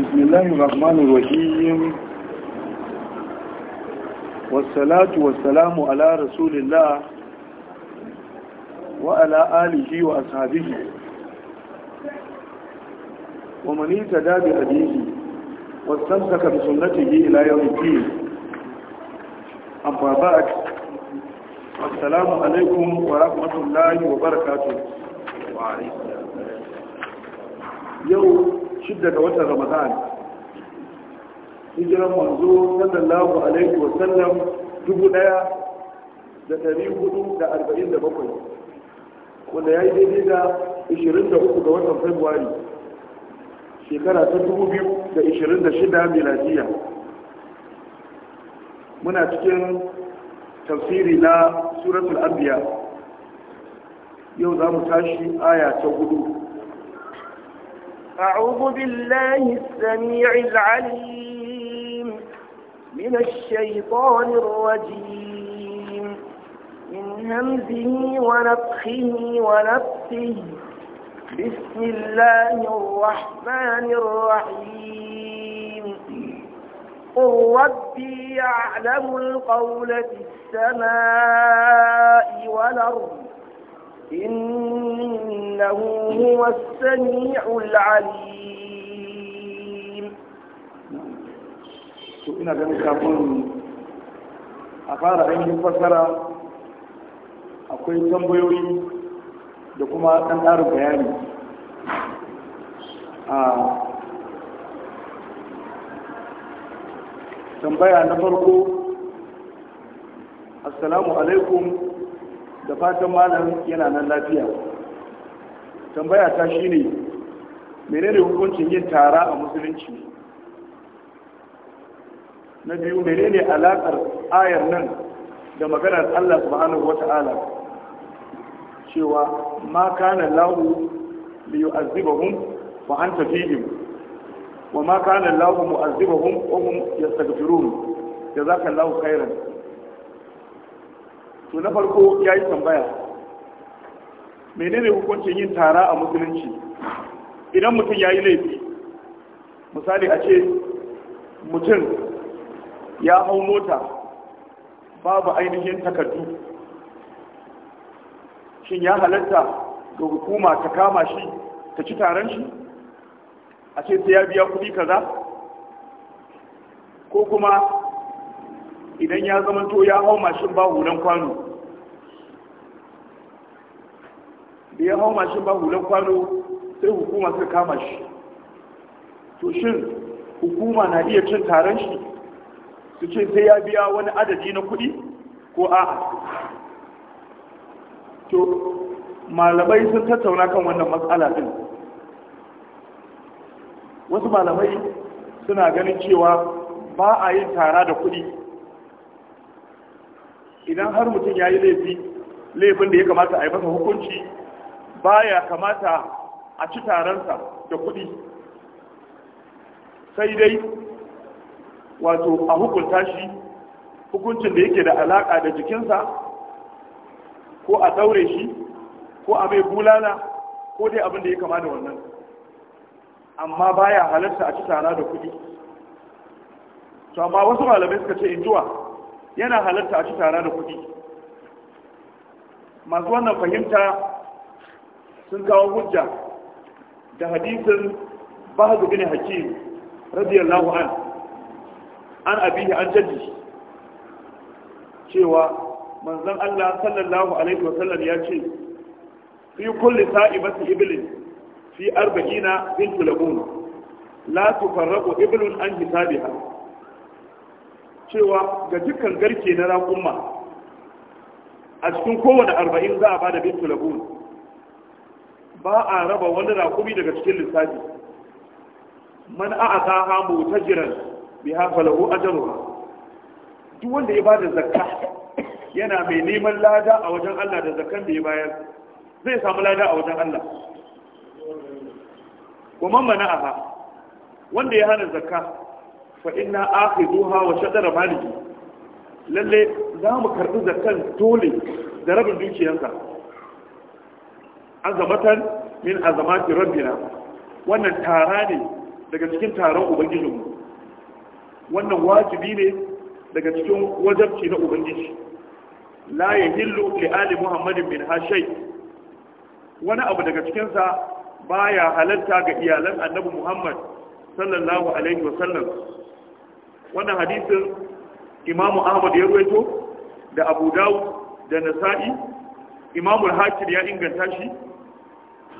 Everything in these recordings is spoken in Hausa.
بسم الله الرحمن الرحيم والصلاة والسلام على رسول الله وعلى آله وأصحابه ومن اهتدى بهديه واستمسك بسنته إلى يوم الدين أما بعد السلام عليكم ورحمة الله وبركاته وعليكم السلام يوم shidda ga watan ramadan hijiran manzo sallallahu alaihi wa sallam dubu daya da dari hudu da arba'in da bakwai wanda ya yi daidai da ishirin da uku ga watan februari shekara ta dubu biyu da ishirin da shida miladiya muna cikin tafsiri na suratul anbiya yau za mu tashi aya ta hudu أعوذ بالله السميع العليم من الشيطان الرجيم من همزه ونفخه ونفسه بسم الله الرحمن الرحيم قل ربي يعلم القول في السماء والأرض إنه هو السميع العليم to ina ganin kafin a fara ainihin fassara akwai tambayoyi da kuma ɗan ƙarin bayani a tambaya na farko assalamu alaikum da fatan malam yana nan lafiya tambaya ta shine menene hukuncin yin tara a musulunci na biyu menene alakar ayar nan da maganar Allah subhanahu ta'ala cewa ma kana lahu li yu'azzibahum wa anta fihim wa ma kana lahu mu'azzibahum da za yastaghfirun jazakallahu khairan to na farko ya yi tambaya menene hukuncin yin tara a musulunci idan mutum ya yi laifi misali a ce mutum ya hau mota babu ainihin takardu shin ya halatta ga hukuma ta kama shi ta ci taron shi a ce sai ya biya kuɗi kaza ko kuma idan ya zamanto ya hau mashin ba hulan kwano da ya hau mashin ba hulan kwano sai hukuma sai kama shi to shin hukuma na iya cin taron shi su ce sai ya biya wani adadi na kuɗi ko a to malamai sun tattauna kan wannan matsala din wasu malamai suna ganin cewa ba a yin tara da kuɗi idan har mutum ya yi laifi laifin da ya kamata a yi masa hukunci ba ya kamata a ci taronsa da kuɗi sai dai wato a hukunta shi hukuncin da yake da alaƙa da jikinsa ko a ɗaure shi ko a mai bulala ko dai abin da ya kama da wannan amma baya halarta a ci tara da kuɗi to amma wasu malamai suka ce injuwa yana halarta a ci tara da kuɗi masu wannan fahimta sun kawo hujja da hadisin bahadu bin hakim radiyallahu an an abihi an jaddi cewa manzon Allah sallallahu alaihi wa sallam ya ce fi kulli sa'ibati iblis fi arba'ina bintu labun la tufarraqu iblun an hisabiha cewa ga dukkan garke na raƙumma a cikin kowane arba'in za a ba da bintu labun ba a raba wani raƙumi daga cikin lissafi man a aka hamu ta jiran bi hafa a jaruwa duk wanda ya ba da zakka yana mai neman lada a wajen allah da zakkan da ya bayar zai samu lada a wajen allah kuma mana aha wanda ya hana zakka fa aka akhiduha wa shatara maliki lalle za mu karɓi zakan dole da rabin dukiyarsa azamatan min azamati rabbina wannan tara ne daga cikin taron ubangijinmu wannan wajibi ne daga cikin wajabci na ubangiji la yahillu li ali muhammadin bin hashai wani abu daga cikinsa baya halarta ga iyalan annabi muhammad sallallahu alaihi wasallam wannan hadisin imamu ahmad ya ruwaito da abu dawu da nasa'i imamu hakir ya inganta shi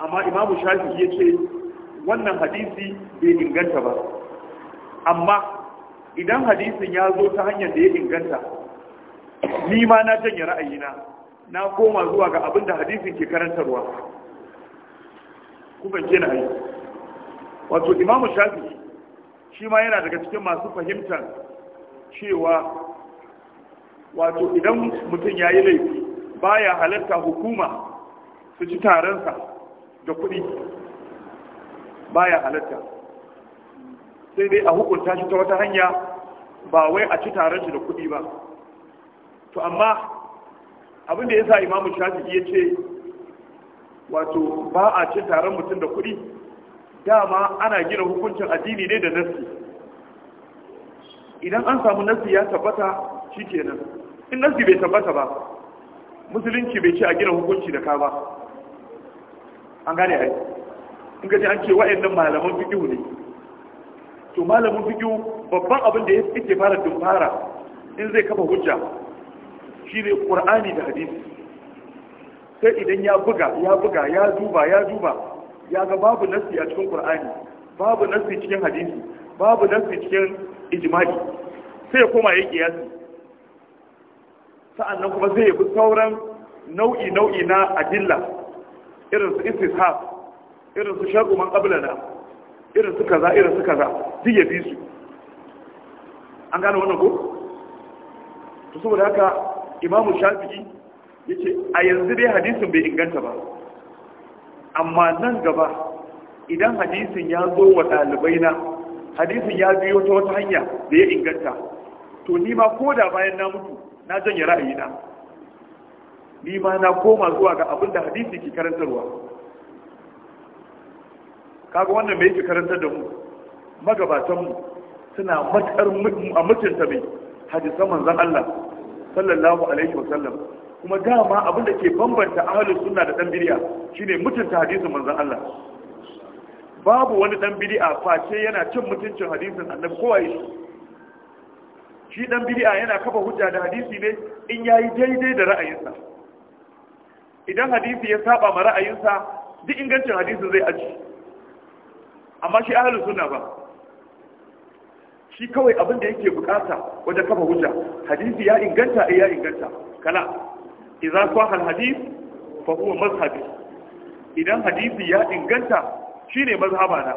amma imamu shafi ya ce wannan hadisi bai inganta ba amma idan hadisin ya zo ta hanyar da ya inganta ni ma na janye ra'ayina na koma zuwa ga abin da hadisin ke karantarwa kuma ke na wato imamu shafi shi ma yana daga cikin masu fahimtar cewa wato idan mutum ya yi laifi baya halatta hukuma su ci taronsa da kuɗi baya halatta. sai dai a hukunta shi ta wata hanya ba wai a ci taron shi da kuɗi ba to amma abin da ya sa imamu shafi ya ce wato ba a ci taron mutum da kuɗi dama ana gina hukuncin addini ne da nassi idan an samu nassi ya tabbata shi nan, in nassi bai tabbata ba musulunci bai ce a gina hukunci da ka ba an gane ai in gaji an ce wa'annan malaman fikihu ne to malamin fikihu babban abin da ya yake fara dumfara in zai kafa hujja shine qur'ani da hadisi sai idan ya buga ya buga ya duba ya duba ya ga babu nassi a cikin qur'ani babu nassi cikin hadisi babu nassi cikin ijma'i sai ya koma ya kiyasi sa'annan kuma zai yi bi sauran nau'i nau'i na adilla irin su istishab irin su shagu man qablana irin su kaza irin su kaza duk ya bi su an gane wannan ko to saboda haka imamu shafi'i yace a yanzu dai hadisin bai inganta ba amma nan gaba idan hadisin ya zo wa ɗalibai na hadisin ya biyo ta wata hanya da ya inganta to ni ma ko da bayan na mutu na janye ra'ayina ni ma na koma zuwa ga abin da hadisi ke karantarwa kaga wannan mai ke karantar da mu magabatanmu suna matukar a mutunta mai hadisan manzan Allah sallallahu alaihi wasallam kuma dama abin da ke bambanta ahalin sunna da dan bid'a shine mutunta hadisin manzon Allah babu wani dan bid'a face yana cin mutuncin hadisin annabi kowa su. shi dan bid'a yana kafa hujja da hadisi ne in yayi daidai da ra'ayinsa idan hadisi ya saba ma ra'ayinsa duk ingancin hadisin zai aji amma shi ahalin sunna ba shi kawai abin da yake bukata wajen kafa hujja hadisi ya inganta eh, ya inganta kala iza sahha al-hadith fa huwa mazhabi idan hadisi ya inganta shine mazhabana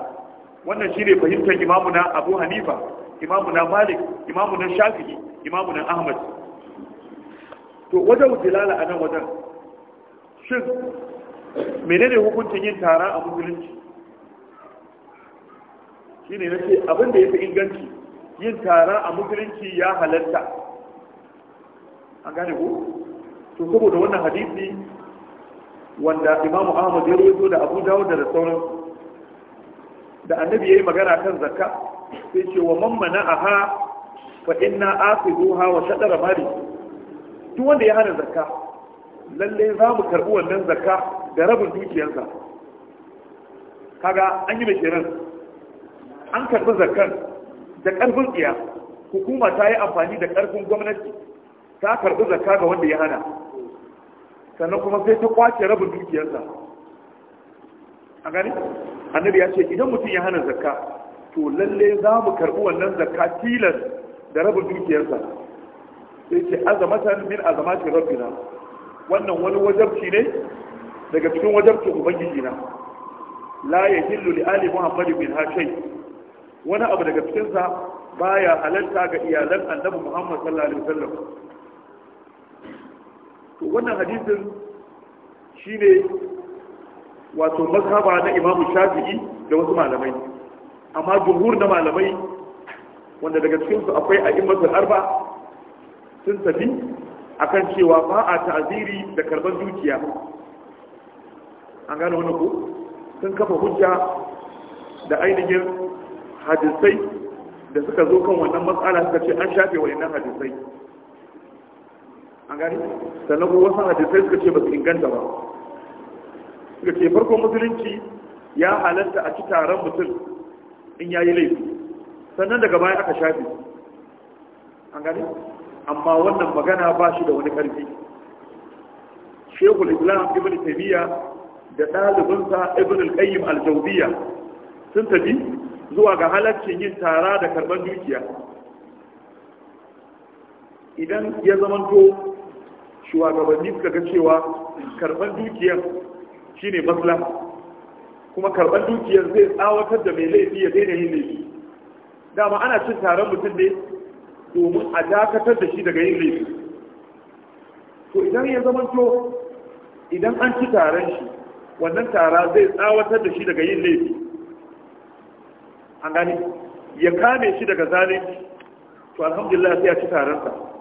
wannan shine fahimtar imamuna Abu Hanifa imamuna Malik imamuna Shafi'i imamuna Ahmad to wajen dilala anan wajen shin menene hukuncin yin tara a musulunci shine ce abin da fi inganci yin tara a musulunci ya halatta an gane ko to saboda wannan hadisi wanda imamu ahmad ya rubuto da abu dawud da sauran da annabi yi magana kan zakka sai ce wa man mana'aha fa inna afiduha wa shadara mari duk wanda ya hana zakka lalle za mu karbi wannan zakka da rabin dukiyarsa kaga an yi mai an karbi zakkan da karfin tsiya hukuma ta yi amfani da karfin gwamnati ta karbi zakka ga wanda ya hana sannan kuma sai ta kwace rabin dukiyarsa a gani annabi ya ce idan mutum ya hana zakka to lalle za mu karɓi wannan zakka tilas da rabin dukiyarsa sai ce azamatan min azamatin rabbina wannan wani wajabci ne daga cikin wajabci ubangiji na la yahillu li ali muhammad bin hashay wani abu daga cikin sa baya halalta ga iyalan annabi muhammad sallallahu alaihi wasallam to wannan hadisin shine wato mazhaba na imam shafi'i da wasu malamai amma jumhur na malamai wanda daga cikin su akwai a'immatul arba sun tafi akan cewa ba a ta'aziri da karban dukiya an gane wani ko sun kafa hujja da ainihin hadisai da suka zo kan wannan matsala suka ce an shafe wa hadisai an gani sannan kuma wasu sai suka ce ba su inganta ba suka ce farkon musulunci ya halatta a ci taron mutum in ya yi laifi sannan daga baya aka shafi an gani amma wannan magana ba shi da wani karfi shekul islam ibn taimiyya da ɗalibinsa ibn al-qayyim al sun tafi zuwa ga halaccin yin tara da karɓar dukiya idan ya zamanto shugabanni suka ga cewa karban dukiyar shi ne matsala kuma karban dukiyar zai tsawatar da mai laifi ya daina yin laifi dama ana cin taron mutum ne domin a dakatar da shi daga yin laifi to idan ya to idan an ci taron shi wannan tara zai tsawatar da shi daga yin laifi an gani ya kame shi daga zalunci to alhamdulillah sai a ci taron sa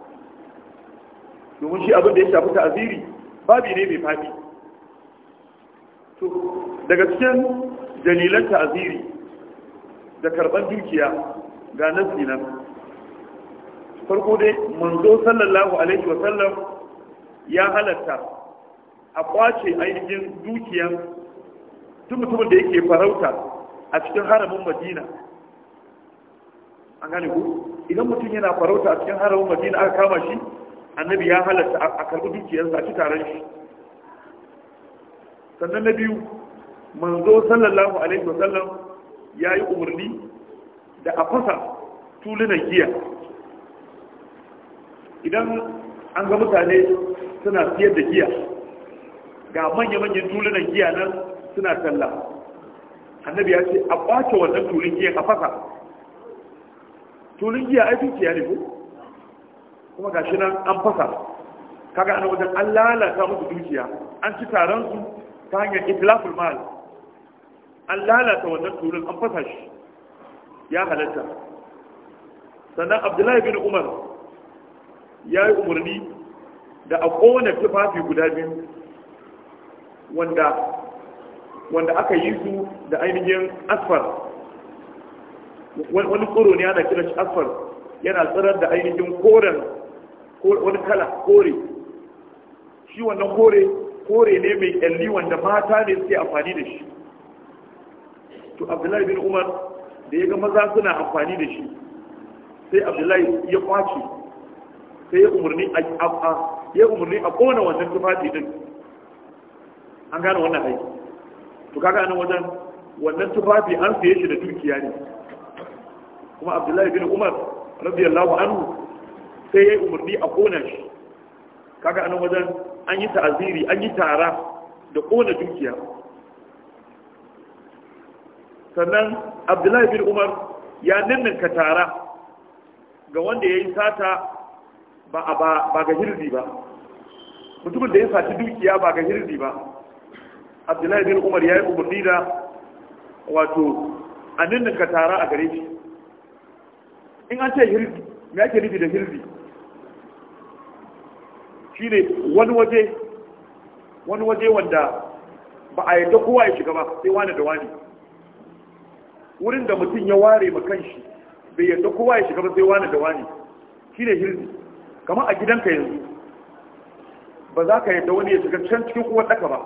domin shi abin da ya shafi ta'aziri babi ne mai fadi to daga cikin dalilan ta'aziri da karban dukiya ga nasi nan farko dai manzo sallallahu alaihi wa sallam ya halatta a kwace ainihin dukiyan duk mutumin da yake farauta a cikin haramin madina an gane ku idan mutum yana farauta a cikin haramin madina aka kama shi annabi ya halatta a karbi dukiyarsa a ci taron shi sannan na biyu manzo sallallahu alaihi wasallam ya yi umarni da a fasa tulunan giya idan an ga mutane suna siyar da giya ga manya-manyan tulunan giya nan suna talla annabi ya ce a ɓace wannan tulun giya a fasa tulun giya ai dukiya ne ko kuma shi nan an fasa kaga ana wajen an lalata musu dukiya an ci taron ta hanyar itlaful mal an lalata wannan turin an fasa shi ya halatta sannan abdullahi bin umar ya yi umarni da a kona tufafi guda biyu wanda wanda aka yi su da ainihin asfar wani tsoro ne ana kira shi asfar yana tsirar da ainihin koren wani kala kore shi wannan kore kore ne mai kyalli wanda mata ne suke amfani da shi to abdullahi bin umar da ya ga maza suna amfani da shi sai abdullahi ya kwace sai ya umarni a ya umarni a kona wannan tufafi din an gane wannan aiki to kaga nan wajen wannan tufafi an siye shi da dukiya ne kuma abdullahi bin umar radiyallahu anhu sai ya yi umarni a ƙona shi kaga anan wajen an yi ta'aziri an yi tara da ƙona dukiya sannan abdullahi bin umar ya ninninka tara ga wanda ya yi sata ba ga hirzi ba mutumin da ya sati dukiya ba ga hirzi ba abdullahi bin umar ya yi umarni da wato a ninninka tara a gare shi in an ce hirzi me ake nufi da hirzi shine wani waje wani waje wanda ba a yadda kowa ya shiga ba sai wani da wani wurin da mutum ya ware ma shi bai yadda kowa ya shiga ba sai wani da wani shine hirzi kamar a gidanka yanzu ba za ka yadda wani ya shiga can cikin uwar ɗaka ba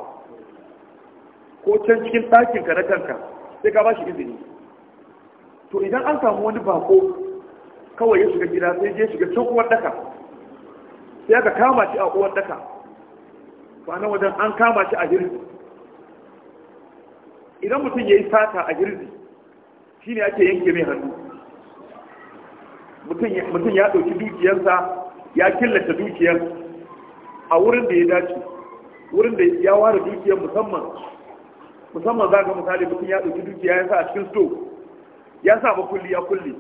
ko can cikin ɗakinka na kanka sai ka ba shi izini to idan an samu wani bako kawai ya shiga gida sai je shiga can uwar ɗaka sai aka kama shi a uwar daka na wajen an kama shi a girbi idan mutum ya yi sata a girbi shi ne ake yanke mai hannu mutum ya ɗauki dukiyarsa ya killace dukiyar a wurin da ya dace wurin da ya ware dukiyar musamman musamman za ga misali mutum ya ɗauki dukiya ya sa a cikin sto ya sa kulli ya kulle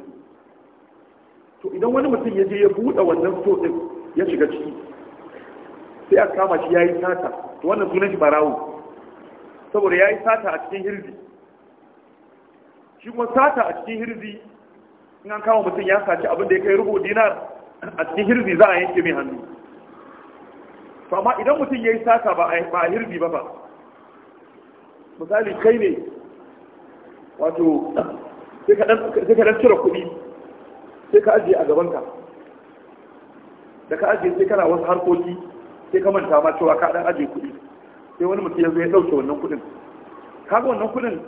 to idan wani mutum ya je ya buɗe wannan sto ɗin ya shiga ciki sai a kama shi ya yi sata to wannan sunan shi barawo saboda ya yi sata a cikin hirzi shi kuma sata a cikin hirzi in an kama mutum ya saci abin da ya kai rubu dinar a cikin hirzi za a yanke mai hannu to amma idan mutum ya yi sata ba a hirzi ba ba misali kai ne wato sai ka dan cire kuɗi sai ka ajiye a gabanka da ka ajiye sai kana wasu harkoki sai ka manta ma cewa ka dan ajiye kuɗi sai wani mutum ya zo ya ɗauke wannan kuɗin kaga wannan kuɗin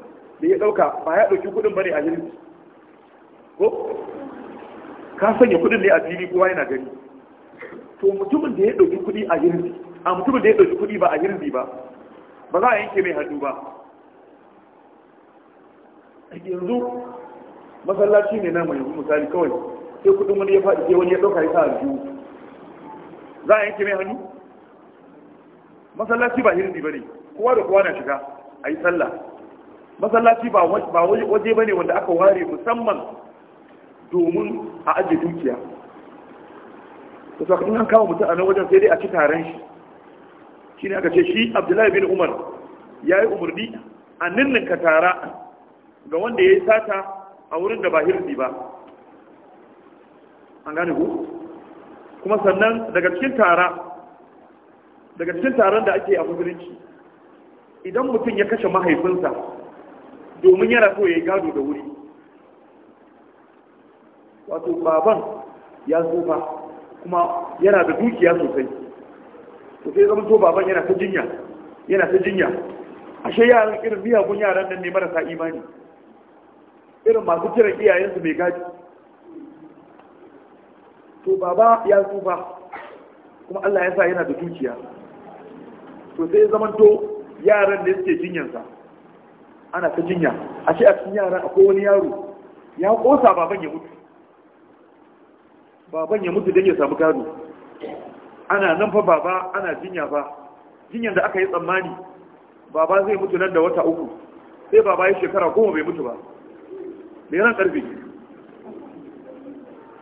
da ya ɗauka ba ya ɗauki kuɗin bane a jirgi ko ka sanya kuɗin ne a fili kowa yana gani to mutumin da ya ɗauki kuɗi a jirgi a mutumin da ya ɗauki kuɗi ba a jirgi ba ba za a yanke mai hannu ba yanzu masallaci ne na mai misali kawai sai kuɗin wani ya faɗi sai wani ya ɗauka ya sa a biyu za a yanke mai hannu masallaci ba hirni bane kowa da kowa na shiga a yi sallah masallaci ba waje bane wanda aka ware musamman domin a ajiye dukiya da saka an kawo mutum a nan wajen sai dai a ci taron shi shi ne aka ce shi abdullahi bin umar ya yi umarni a ninninka tara ga wanda ya yi sata a wurin da ba hirzi ba an gane ku kuma sannan daga cikin taron da ake a musulunci idan mutum ya kashe mahaifinsa domin yana so ya yi gado da wuri wato baban ya tsofa kuma yana da dukiya sosai to sai zama to baban yana ta jinya yana ta jinya ashe yaran irin miyagun yaran nan ne marasa imani irin masu kiran iyayensu mai gadi to baba ya tsufa kuma Allah ya sa yana da dukiya to sai zamanto yaran da suke jinyansa ana ta jinya a ce a cikin yaran akwai wani yaro ya kosa baban ya mutu baban ya mutu don ya samu gado ana nan fa baba ana jinya fa jinyan da aka yi tsammani baba zai mutu nan da wata uku sai baba ya shekara goma bai mutu ba bai ran karfe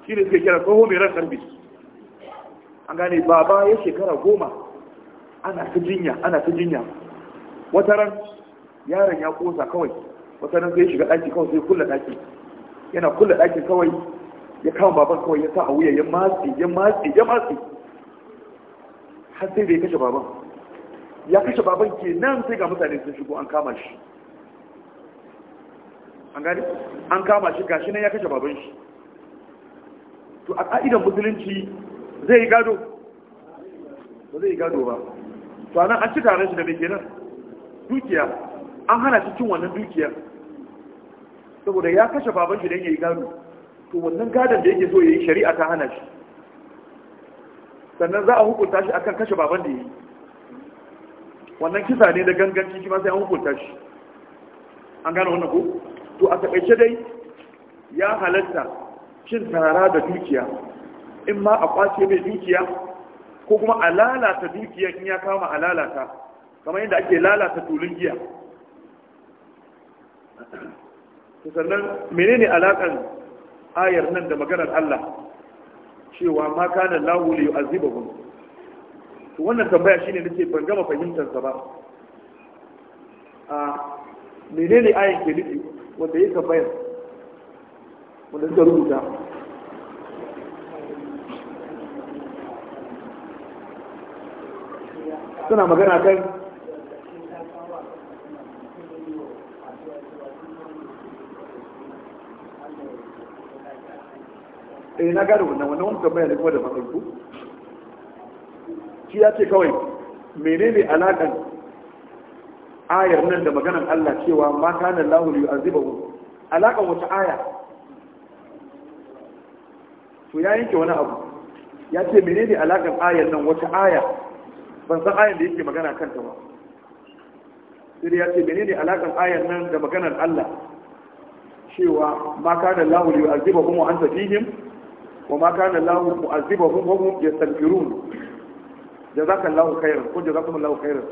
shi ne suke kira tsoho mai rantar karbi an gane baba ya shekara goma ana ta jinya ana ta jinya wata ran yaron ya kosa kawai wata ran zai shiga ɗaki kawai sai kulla ɗaki yana kulla ɗaki kawai ya kama baban kawai ya sa a wuya ya matsi ya matsi ya matsi har sai da ya kashe baban ya kashe baban ke nan sai ga mutane sun shigo an kama shi an gani an kama shi gashi nan ya kashe baban shi to a ka'idan musulunci zai yi gado ba zai yi gado ba to anan an ci taron shi da mai kenan dukiya an hana shi cin wannan dukiya saboda ya kashe baban shi don ya yi gado to wannan gadon da yake so ya yi shari'a ta hana shi sannan za a hukunta shi akan kashe baban da ya yi wannan kisa ne da ganganci shi ma sai an hukunta shi an gane wannan ko to a takaice dai ya halatta cin tara da dukiya in ma a kwace mai dukiya ko kuma a lalata dukiya in ya kama a lalata kamar yadda ake lalata tulun giya sannan menene alakan ayar nan da maganar Allah cewa ma kana lahu li yu'azibahum to wannan tambaya shine nake ban gama fahimtar sa ba a menene ayan ke nufi wanda yake bayani wanda suka rubuta suna magana kan eh na gane wannan wannan wani tambaya ne kuma da matsaiku shi ya ce kawai menene alakan ayar nan da maganan Allah cewa ma kana a yu'azibuhu alakan wata aya to ya yanke wani abu ya ce menene alaƙar ayar nan wata aya ban san ayar da yake magana kanta ba sai ya ce menene alaƙar ayar nan da maganar Allah cewa ma kana lahu yu'azzibuhum hum an tafihim wa ma kana lahu mu'azzibuhum wa hum yastaghfirun jazakallahu khairan ko jazakumullahu khairan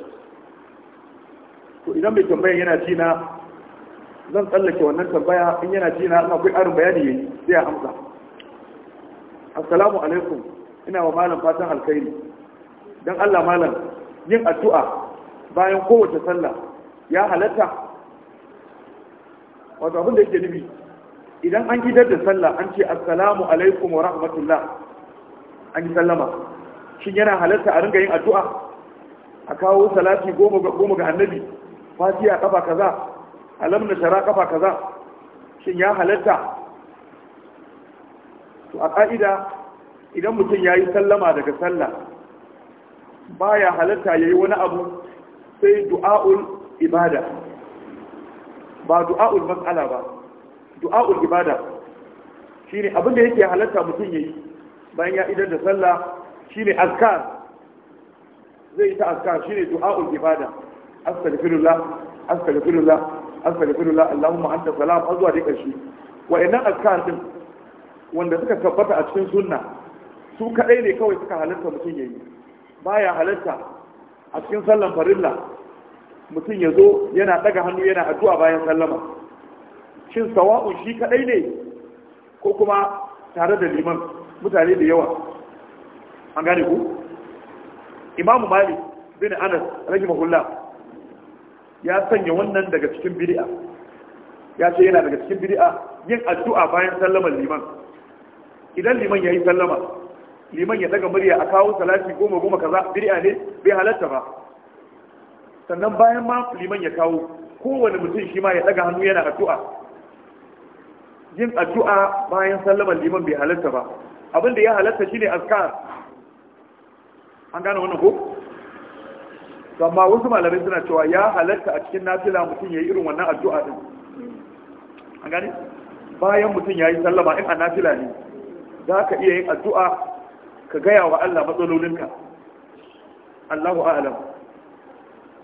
to idan mai tambaya yana ji na zan tsallake wannan tambaya in yana ji na akwai arin bayani yayi sai ya amsa assalamu alaikum ina wa malam fatan alkhairi dan Allah malam yin addu'a bayan kowace sallah ya halatta wato abin da yake nufi idan an gidar da sallah an ce assalamu alaikum wa rahmatullah an yi sallama shin yana halatta a ringa yin addu'a a kawo salati goma ga annabi fatiya kafa kaza alamna na shara kafa kaza shin ya halatta to a ƙa'ida idan mutum ya yi sallama daga sallah ba ya halatta ya yi wani abu sai du'a'ul ibada ba du'a'ul matsala ba du'a'ul ibada shi ne abinda yake halatta mutum ya yi bayan ya idan da sallah shi ne askar. zai yi ta askar, shi ne du'a'ul ibada astagfirullah astagfirullah astagfirullah allahumma anta salam har zuwa dai karshe wa'annan askar din wanda suka tabbata a cikin sunna su kadai ne kawai suka halarta mutum ya ba baya halarta a cikin sallan farilla mutum ya zo yana ɗaga hannu yana addu'a bayan sallama shin sawa'un shi kadai ne ko kuma tare da liman mutane da yawa an gane ku imamu malik bin anas rahimahullah ya sanya wannan daga cikin bid'a ya ce yana daga cikin bid'a yin addu'a bayan sallamar liman idan liman ya yi sallama liman ya daga murya a kawo salati goma goma kaza bid'a ne bai halatta ba sannan bayan ma liman ya kawo kowane mutum shi ma ya daga hannu yana addu'a yin addu'a bayan sallaman liman bai halatta ba abin da ya halatta shine azkar an gane wannan ko amma wasu malamai suna cewa ya halatta a cikin nafila mutum ya yi irin wannan addu'a din an gane bayan mutum ya yi sallama in a nafila ne za ka iya yin addu'a ka gaya wa Allah matsalolinka Allahu a'lam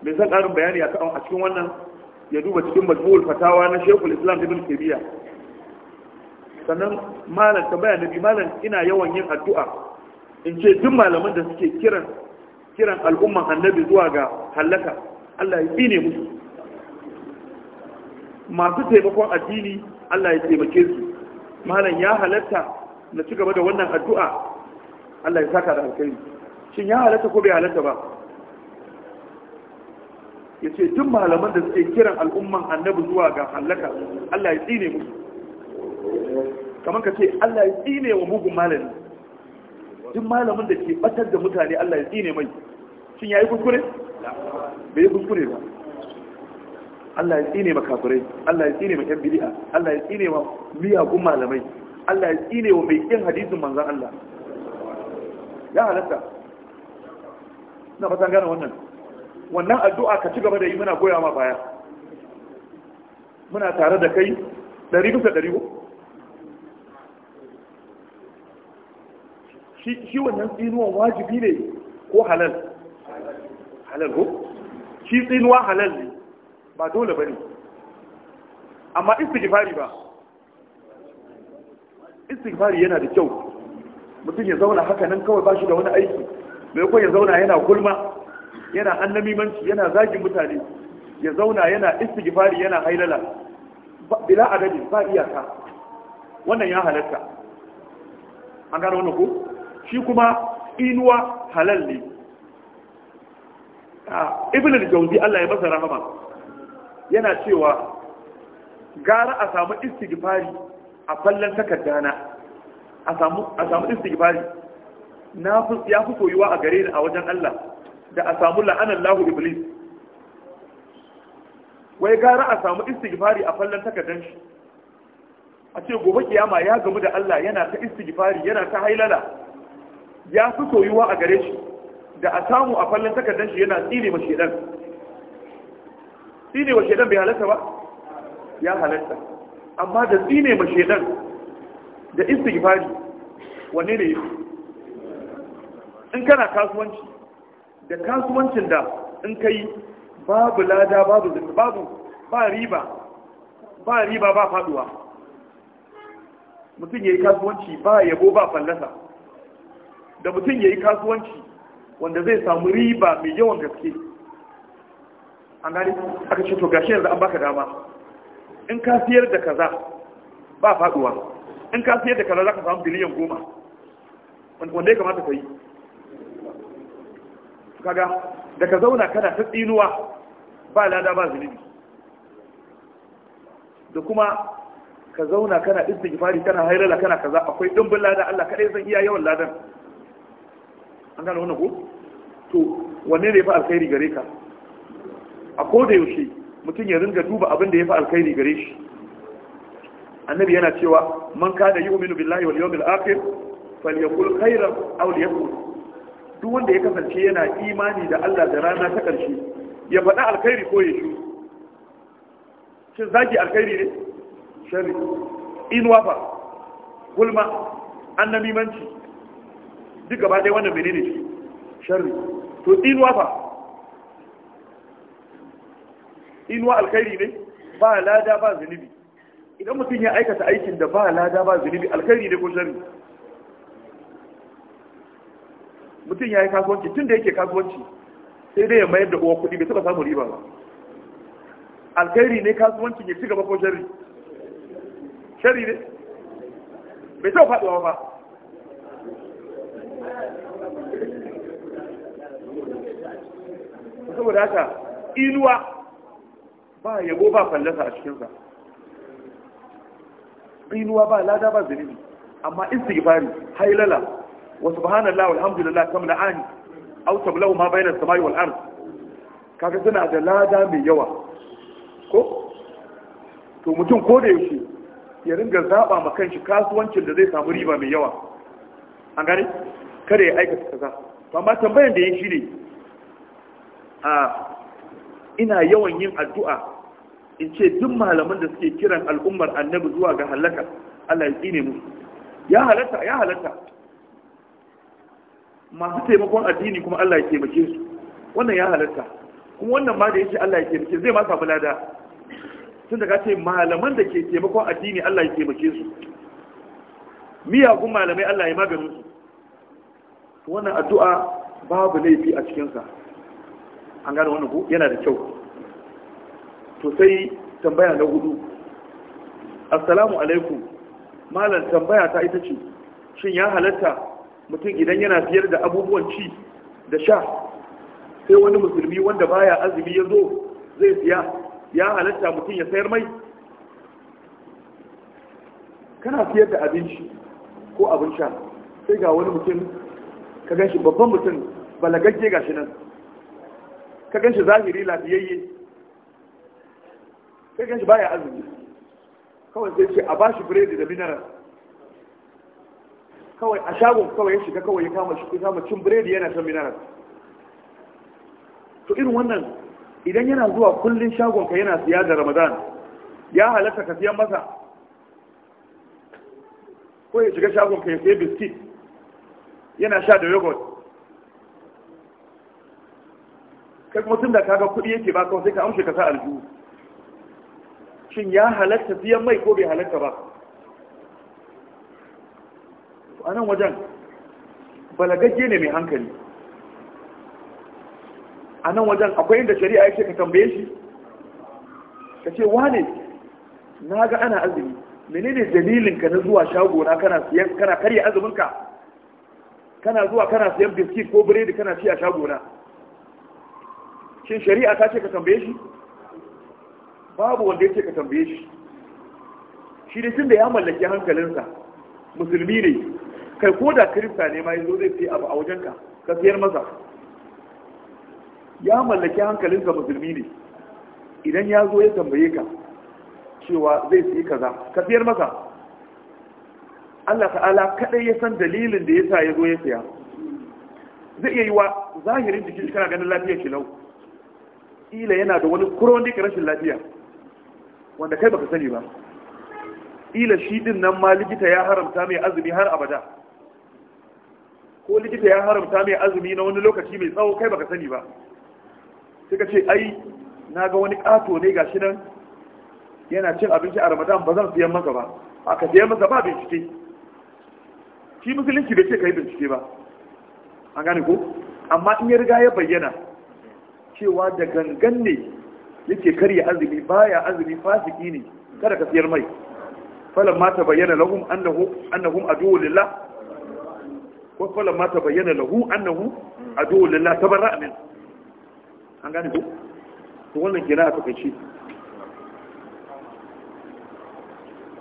mai san ƙarin bayani a cikin wannan ya duba cikin majmuhul fatawa na shekul islam da bin kebiya sannan malam tambaya na malam ina yawan yin addu'a in ce duk malaman da suke kiran al'umman annabi zuwa ga hallaka Allah ya tsine musu masu taimakon addini Allah ya taimake su malam ya halatta na ci gaba da wannan addu'a Allah ya saka da alkhairi shin ya halatta ko bai halatta ba yace duk malaman da suke kiran al'umman annabi zuwa ga halaka Allah ya tsine musu kamar ka ce Allah ya tsine wa mugun malami duk malamin da ke batar da mutane Allah ya tsine mai shin yayi kuskure bai yi kuskure ba Allah ya tsine makafirai Allah ya tsine ma yan bid'a Allah ya tsine wa miyagun malamai Allah ya tsine wa mai kin hadisin manzan Allah ya halatta na fata gane wannan wannan addu'a ka ci gaba da yi muna goya ma baya muna tare da kai ɗari bisa ɗari shi wannan tsinuwa wajibi ne ko halal halal ko shi tsinuwa halal ne ba dole ba ne amma istighfari ba istighfari yana da kyau mutum ya zauna haka nan kawai ba shi da wani aiki mai kwan ya zauna yana gulma yana annamimanci yana zagin mutane ya zauna yana istighfari yana hailala bila adadi ba iyaka wannan ya halatta an gano wannan ko shi kuma inuwa halal ne ah, ibn al-jawzi Allah ya masa rahama yana cewa gara a samu istighfari a fallon takardana na a samu istighfari na ya fi soyuwa a gare ni a wajen Allah da a samu la'anar lahu iblis wai gara a samu istighfari a fallon takardan shi a ce gobe kiyama ya gamu da Allah yana ta istighfari yana ta hailala ya fi soyuwa a gare shi da a samu a fallon takardan shi yana tsine ma shedan tsine wa shedan bai halatta ba ya halatta amma da tsine ma shedan da istighfari wanne ne in kana kasuwanci da kasuwancin da in kai babu lada babu babu ba riba ba riba ba faduwa mutum yayi kasuwanci ba yabo ba fallasa da mutum yayi kasuwanci wanda zai samu riba mai yawan gaske an gani aka ce to gashi yanzu an baka dama in ka siyar da kaza ba faduwa in ka siyar da kaza za ka samu biliyan goma wanda ya kamata ka yi kaga da ka zauna kana ta tsinuwa ba lada ba zunubi da kuma ka zauna kana istighfari kana hairala kana kaza akwai ɗumbin lada Allah kaɗai zan iya yawan ladan an gano wannan ko to wanne ne fa alkhairi gare ka a ko da yaushe mutum ya ringa duba abin da ya fi alkhairi gare shi annabi yana cewa man yi uminu billahi wal yawmil akhir falyakul khairan aw liyakul duk wanda ya kasance yana imani da Allah da rana ta karshe ya faɗa alkhairi ko ya shiru shin zaki alkhairi ne sharri in wafa gulma annabi manci duk gaba dai wannan menene shi sharri to inuwa inuwa alkhairi ne ba lada ba zunubi idan mutum ya aikata aikin da ba lada ba zunubi alkhairi ne ko shari mutum ya yi kasuwanci tun da yake kasuwanci sai dai ya mayar da uwa kuɗi bai taɓa samun riba ba alkhairi ne kasuwancin ya ci gaba ko shari, shari ne bai taɓa faɗuwa ba saboda haka inuwa ba yabo ba fallasa a cikinsa rinuwa ba lada ba zunubi amma istighfari hailala wa subhanallahi walhamdulillah kam la'ani aw tablahu ma bayna as-samai wal ard kaga suna da lada mai yawa ko to mutum ko da yake ya ringa zaba ma kanshi kasuwancin da zai samu riba mai yawa an gane kada ya aikata kaza to amma tambayar da yake ne a ina yawan yin addu'a in ce duk malaman da suke kiran al'ummar annabi zuwa ga halaka Allah ya tsine mu ya halatta ya halatta masu taimakon addini kuma Allah ya taimake su wannan ya halatta kuma wannan ma da yace Allah ya taimake zai ma samu lada tun da ka ce malaman da ke taimakon addini Allah ya taimake su miyagun malamai Allah ya maganin su wannan addu'a babu laifi a cikinsa an gane wannan ku yana da kyau to sai tambaya na hudu assalamu alaikum malam tambaya ta ita ce shin ya halatta mutum idan yana siyar da abubuwan ci da sha sai wani musulmi wanda baya azumi ya zo zai siya ya halatta mutum ya sayar mai kana siyar da abinci ko abin sha sai ga wani mutum ka gashi babban mutum balagagge gashi nan ka gan zahiri lafiyayye ka gan baya azumi kawai sai ce a ba shi biredi da mineral kawai a shagon kawai ya shiga kawai ya kama cin biredi yana shan mineral to irin wannan idan yana zuwa kullun shagon ka yana siya da ramadan ya halatta ka siyan masa ko ya shiga shagon ka ya siya biskit yana sha da yogurt kai kuma tun da kaga kuɗi yake ba kawai sai ka amshe ka sa aljihu shin ya halatta biyan mai ko bai halatta ba a nan wajen balagagge ne mai hankali a nan wajen akwai inda shari'a ya ce ka tambaye shi ka ce wane na ga ana azumi menene dalilinka na zuwa shagona kana siyan kana karya azuminka kana zuwa kana siyan biskit ko biredi kana ci a shagona shin shari'a ta ce ka tambaye shi babu wanda ya ce ka tambaye shi shi ne tun da ya mallaki hankalinsa musulmi ne kai ko da kirista ne ma yanzu zai sai abu a wajenka ka siyar masa ya mallaki hankalinsa musulmi ne idan ya zo ya tambaye ka cewa zai sai kaza ka siyar masa Allah ta'ala kadai ya san dalilin da yasa ya zo ya siya zai iya yi wa zahirin jikin kana ganin lafiyar shi lau kila yana da wani chronic rashin lafiya wanda kai baka sani ba ila shi din nan ma likita ya haramta mai azumi har abada ko likita ya haramta mai azumi na wani lokaci mai tsawo kai baka sani ba sai ka ce ai na ga wani kato ne gashi nan yana cin abinci a ramadan ba zan siyan masa ba aka siyan masa ba bincike shi musulunci bai ce ka yi bincike ba an gane ko amma in ya riga ya bayyana cewa da gangan ne yake karya azumi baya azumi fasiki ne kada ka siyar mai falan ma ta bayyana lahum annahu annahum aduwwu lillah ko falan ma ta bayyana lahu annahu aduwwu lillah tabarra min an gane ko to wannan kenan a takaice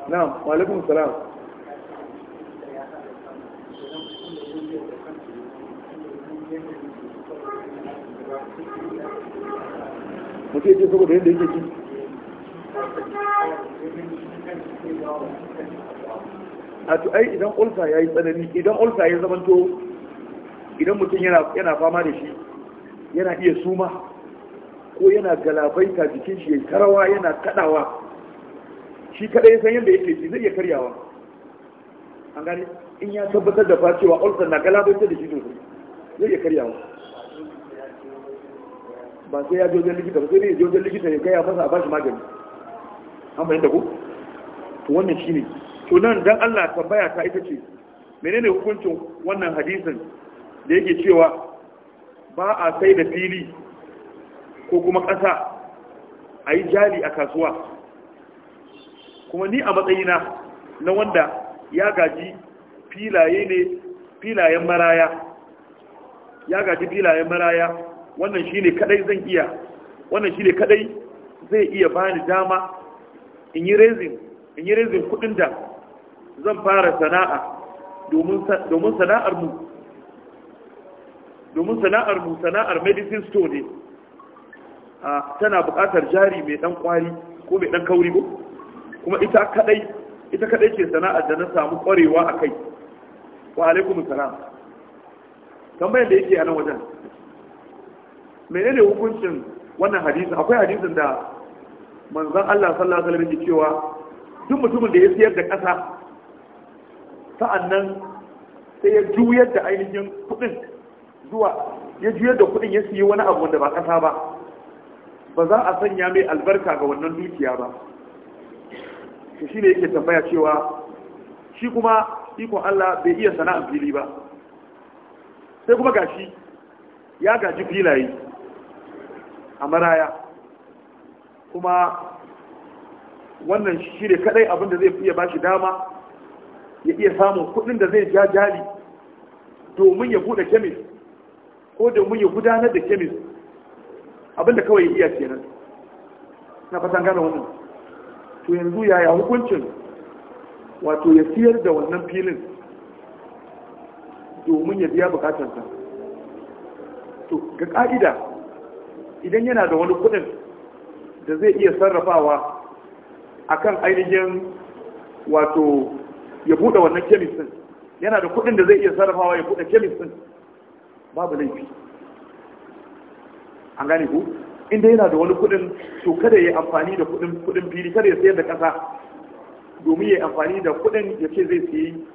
na'am wa alaikum salam mutum yake saboda yadda yake ci a to ai idan ulfa ya yi tsanani idan ulfa ya zamanto idan mutum yana fama da shi yana iya suma ko yana galabaita jikin shi ya karawa yana kadawa shi kadai san yadda yake ci zai iya karyawa an gani in ya tabbatar da fa cewa ulfa na galabaita da shi sosai zai iya karyawa ba sai ya ji wajen likita ba sai ne ya ji wajen likita ya gaya masa a bashi magani an bayan da to wannan shi ne. to nan dan Allah tambaya ta ita ce menene hukuncin wannan hadisin da yake cewa ba a sai da fili ko kuma ƙasa a yi jali a kasuwa kuma ni a matsayina na wanda ya gaji filaye ne filayen maraya ya gaji filayen maraya wannan shine kadai zan iya wannan ne kadai zai iya bani dama in yi raising in yi raising kudin da zan fara sana'a domin sana'ar mu domin sana'ar mu sana'ar medicine store ne tana buƙatar jari mai ɗan ƙwari ko mai ɗan kauri ko kuma ita kadai ita kadai ce sana'ar da na samu ƙwarewa a kai wa alaikum salam tambayar da yake a nan wajen menene hukuncin wannan hadisi akwai hadisin da manzon Allah sallallahu alaihi wasallam cewa duk mutumin da ya siyar da ƙasa sa'annan sai ya juyar da ainihin kuɗin zuwa ya juyar da kuɗin ya siyi wani abu wanda ba ƙasa ba ba za a sanya mai albarka ga wannan dukiya ba shi ne yake tambaya cewa shi kuma ikon Allah bai iya sana'a fili ba sai kuma gashi ya gaji filaye a maraya kuma wannan shi ne kadai abinda zai ya ba shi dama ya iya samun kudin da zai ja jali domin ya bude kemis ko domin ya gudanar da kemis abinda kawai ya iya kenan na fatan gane wannan to yanzu yaya hukuncin wato ya siyar da wannan filin domin ya biya bukatarsa to ga ka'ida idan yana da wani kudin da zai iya sarrafawa akan ainihin wato ya buɗe wannan kemis din yana da kudin da zai iya sarrafawa ya buɗe kemis din babu laifi an gane ku inda yana da wani kudin to kada ya amfani da kudin kudin fili kada ya sayar da kasa domin ya amfani da kudin ya ce zai sayi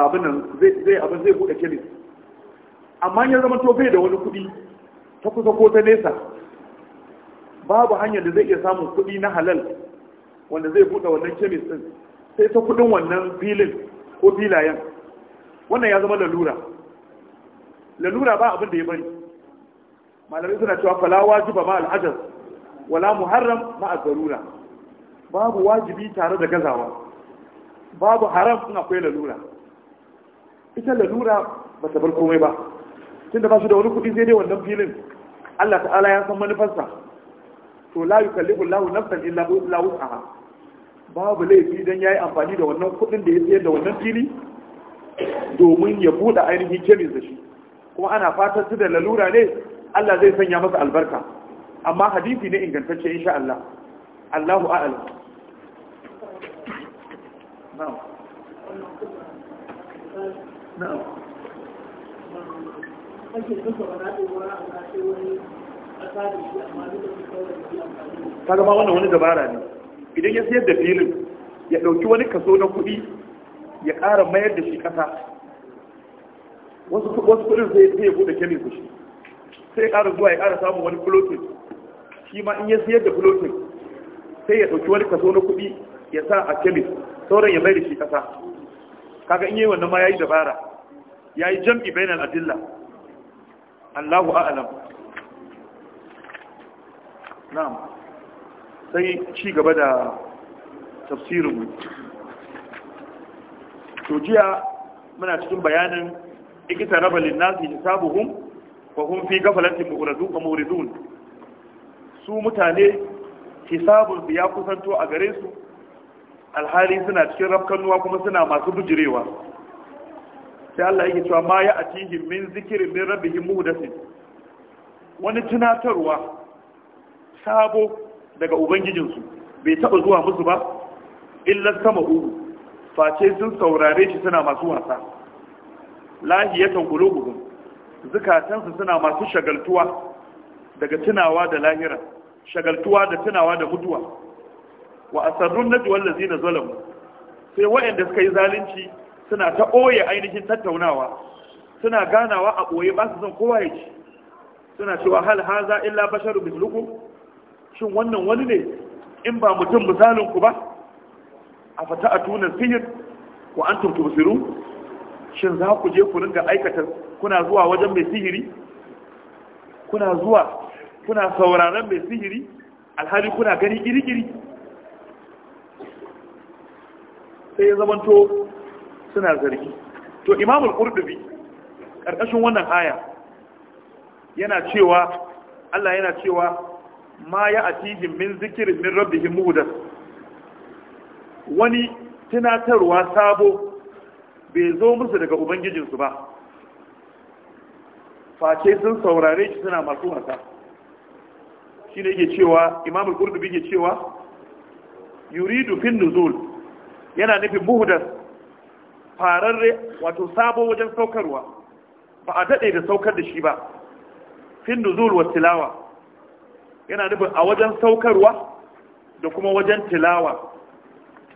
abin nan zai abin zai buɗe kemis amma ya zama to bai da wani kudi ta kusa ko ta nesa babu hanyar da zai iya samun kuɗi na halal wanda zai buɗe wannan kemis ɗin sai ta kuɗin wannan filin ko filayen wannan ya zama lalura lalura ba abin da ya bari malamai suna cewa fala wajiba ma al'ajar wala muharram ma a zarura babu wajibi tare da gazawa babu haram in akwai lalura ita lalura ba ta bar komai ba tunda ba shi da wani kuɗi sai dai wannan filin Allah ta'ala ya san manufarsa to la yukallifu Allahu nafsan illa wus'aha babu laifi dan yayi amfani da wannan kuɗin da ya sayar da wannan fili domin ya bude ainihin kemis da shi kuma ana fatan su da lalura ne Allah zai sanya masa albarka amma hadisi ne ingantacce insha Allah Allahu a'lam na'am na'am kaga ba wannan wani dabara ne idan ya sayar da filin ya ɗauki wani kaso na kuɗi ya ƙara mayar da shi ƙasa wasu kuɗin sai ya buɗe kemin kushi sai ya ƙara zuwa ya ƙara samun wani floating shi ma in ya sayar da floating sai ya ɗauki wani kaso na kuɗi ya sa a kemis, sauran ya mayar da shi ƙasa kaga in yi wannan ma ya yi dabara ya yi jam'i bainal adilla Allahu a'lam na'am sai ci gaba da tafsirin to jiya muna cikin bayanin ikita raba linnasi hisabuhum wa hum fi ghaflatin mu'ridun su mutane hisabun ya kusanto a gare su alhali suna cikin rafkanuwa kuma suna masu bujirewa sai Allah yake cewa ma ya atihi min zikirin min rabbihi muhdathin wani tunatarwa sabo daga ubangijinsu bai taba zuwa musu ba illa sama uku face sun saurare shi suna masu wasa lahiyatan qulubuhum zukatansu suna masu shagaltuwa daga tunawa da lahira shagaltuwa da tunawa da mutuwa wa asarrun najwa allazina zalamu sai waɗanda suka yi zalunci suna ta ɓoye ainihin tattaunawa suna ganawa a ɓoye ba su son kowa ya ci suna cewa hal haza illa basharu mislukum shin wannan wani ne in ba mutum misalin ku ba a fata a tunan sihir ko an tumtu shin za ku je ku ringa aikata kuna zuwa wajen mai sihiri kuna zuwa kuna sauraron mai sihiri alhali kuna gani iri-iri sai ya zamanto suna zargi to imam al-qurtubi karkashin wannan aya yana cewa Allah yana cewa ma ya atihim min zikirin min rabbihim muhdath wani tunatarwa sabo bai zo musu daga ubangijinsu ba face sun saurare shi suna masu wasa shi ne yake cewa imam al-qurtubi yake cewa yuridu fin nuzul yana nufin muhdas fararre wato sabo wajen saukarwa ba a daɗe da saukar da shi ba fin nuzul wa tilawa yana nufin a wajen saukarwa da kuma wajen tilawa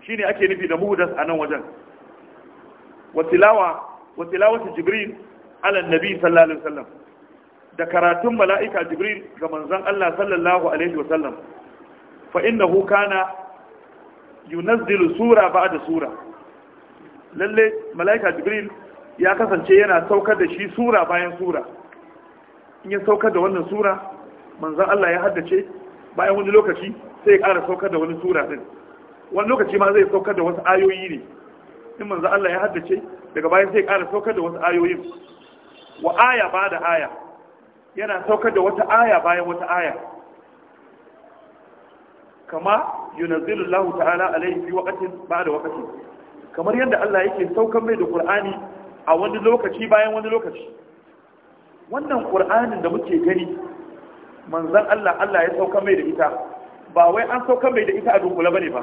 shine ake nufi da muhdas a nan wajen wa tilawa wa tilawatu jibril ala nabi sallallahu alaihi wasallam da karatun mala'ika jibril ga manzon Allah sallallahu alaihi wasallam fa innahu kana yunazzilu sura ba'da sura lalle mala'ika jibril ya kasance yana saukar da shi sura bayan sura in ya saukar da wannan sura manzan Allah ya haddace bayan wani lokaci sai ya ƙara saukar da wani sura din wani lokaci ma zai saukar da wasu ayoyi ne in manzan Allah ya haddace daga bayan sai ya ƙara saukar da wasu ayoyin wa aya ba da aya yana saukar da wata aya bayan wata aya kama yunazzilu Allah ta'ala alaihi fi waqtin ba da waqtin kamar yadda Allah yake saukan mai da Qur'ani a wani lokaci bayan wani lokaci wannan Qur'anin da muke gani manzon Allah Allah ya saukan mai da ita ba wai an saukan mai da ita a dunkule bane ba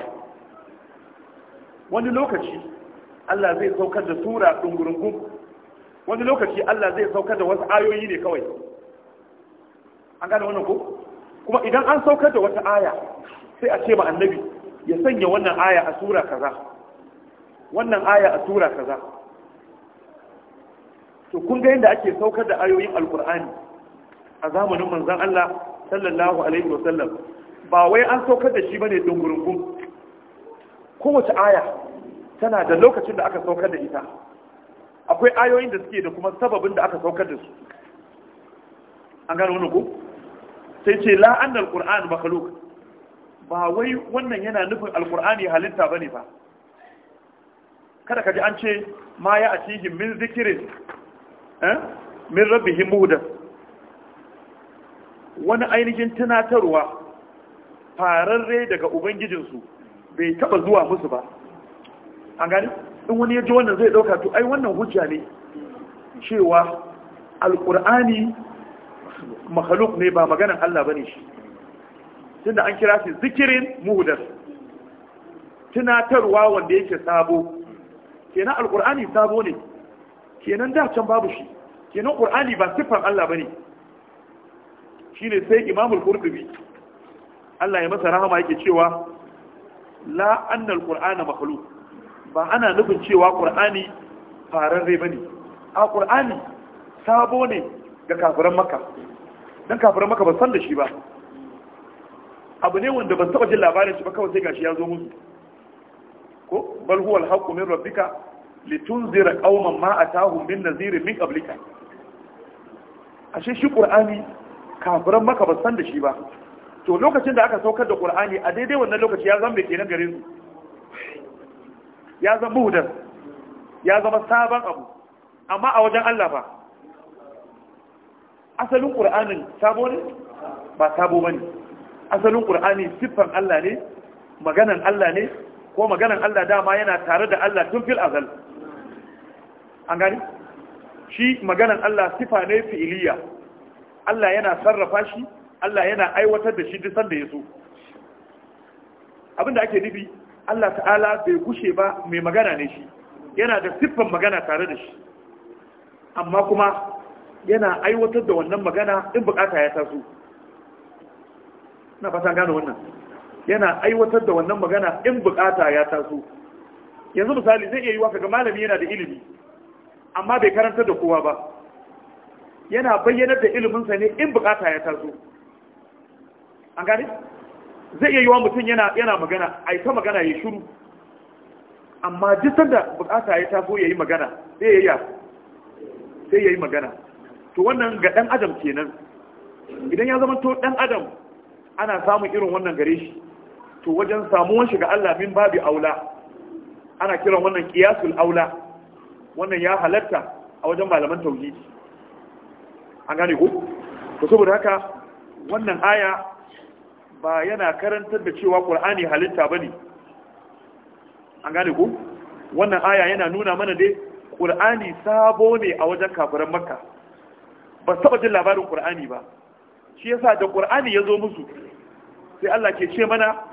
wani lokaci Allah zai saukar da sura dungurungun wani lokaci Allah zai saukar da wasu ayoyi ne kawai an gane wannan ko kuma idan an saukar da wata aya sai a ce ma annabi ya sanya wannan aya a sura kaza wannan aya a sura kaza to kun ga yadda ake saukar da ayoyin alkur'ani a zamanin manzan Allah sallallahu alaihi wasallam ba wai an saukar da shi bane gurungun kowace aya tana da lokacin da aka saukar da ita akwai ayoyin da suke da kuma sababin da aka saukar da su an gano wani ku sai ce la'an alkur'an makhluk ba wai wannan yana nufin alkur'ani halitta bane ba kada ka ji an ce ma ya atihim min zikirin eh, min rabbihim muhdath wani ainihin tunatarwa fararre daga ubangijinsu bai taba zuwa musu ba an gani in wani ya ji wannan zai dauka to ai wannan hujja ne cewa alkur'ani makhluk ne ba maganan Allah bane shi tunda an kira shi zikirin muhudar. tunatarwa wanda yake sabo kenan alkur'ani sabo ne kenan da can babu shi kenan qur'ani ba siffar Allah bane shine sai imamul qurtubi Allah ya masa rahama yake cewa la annal qur'ana makhluq ba ana nufin cewa qur'ani fararre bane a qur'ani sabo ne ga kafiran makka dan kafiran makka ba san da shi ba abu ne wanda ba taba jin labarin shi ba kawai sai gashi ya zo musu ko bal huwa al-haqqu min rabbika litunzira qauman ma atahum min nadhir min qablika ashe shi qur'ani kafiran maka ba san da shi ba to lokacin da aka saukar da qur'ani a daidai wannan lokaci ya zama kenan gare su ya zama hudar ya zama sabon abu amma a wajen Allah ba asalin qur'anin sabo ne ba sabo bane asalin qur'ani siffan Allah ne maganan Allah ne ko maganan Allah dama yana tare da Allah tun fil azal an gani shi maganan Allah sifa ne fi'iliya Allah yana sarrafa shi Allah yana aiwatar da shi duk sanda ya da da ake nufi Allah ta'ala bai gushe ba mai magana ne shi yana da siffan magana tare da shi amma kuma yana aiwatar da wannan magana in bukata ya taso na fata gano wannan yana aiwatar da wannan magana in bukata ya taso yanzu misali zai iya yi wa malami yana da ilimi amma bai karantar da kowa ba yana bayyanar da iliminsa ne in bukata ya taso an gane zai iya yi wa mutum yana magana a ta magana ya shiru. amma duk sanda bukata ya taso ya yi magana sai ya sai ya yi magana to wannan ga dan adam kenan idan ya zama to ɗan adam ana samun irin wannan gare shi to wajen samuwan shiga Allah min babi aula ana kiran wannan qiyasul aula wannan ya halatta a wajen malaman tauhidi an gane ko to saboda haka wannan aya ba yana karantar da cewa qur'ani halitta bane an gane ko wannan aya yana nuna mana dai qur'ani sabo ne a wajen kafiran makka ba saba jin labarin qur'ani ba shi yasa da qur'ani ya zo musu sai Allah ke ce mana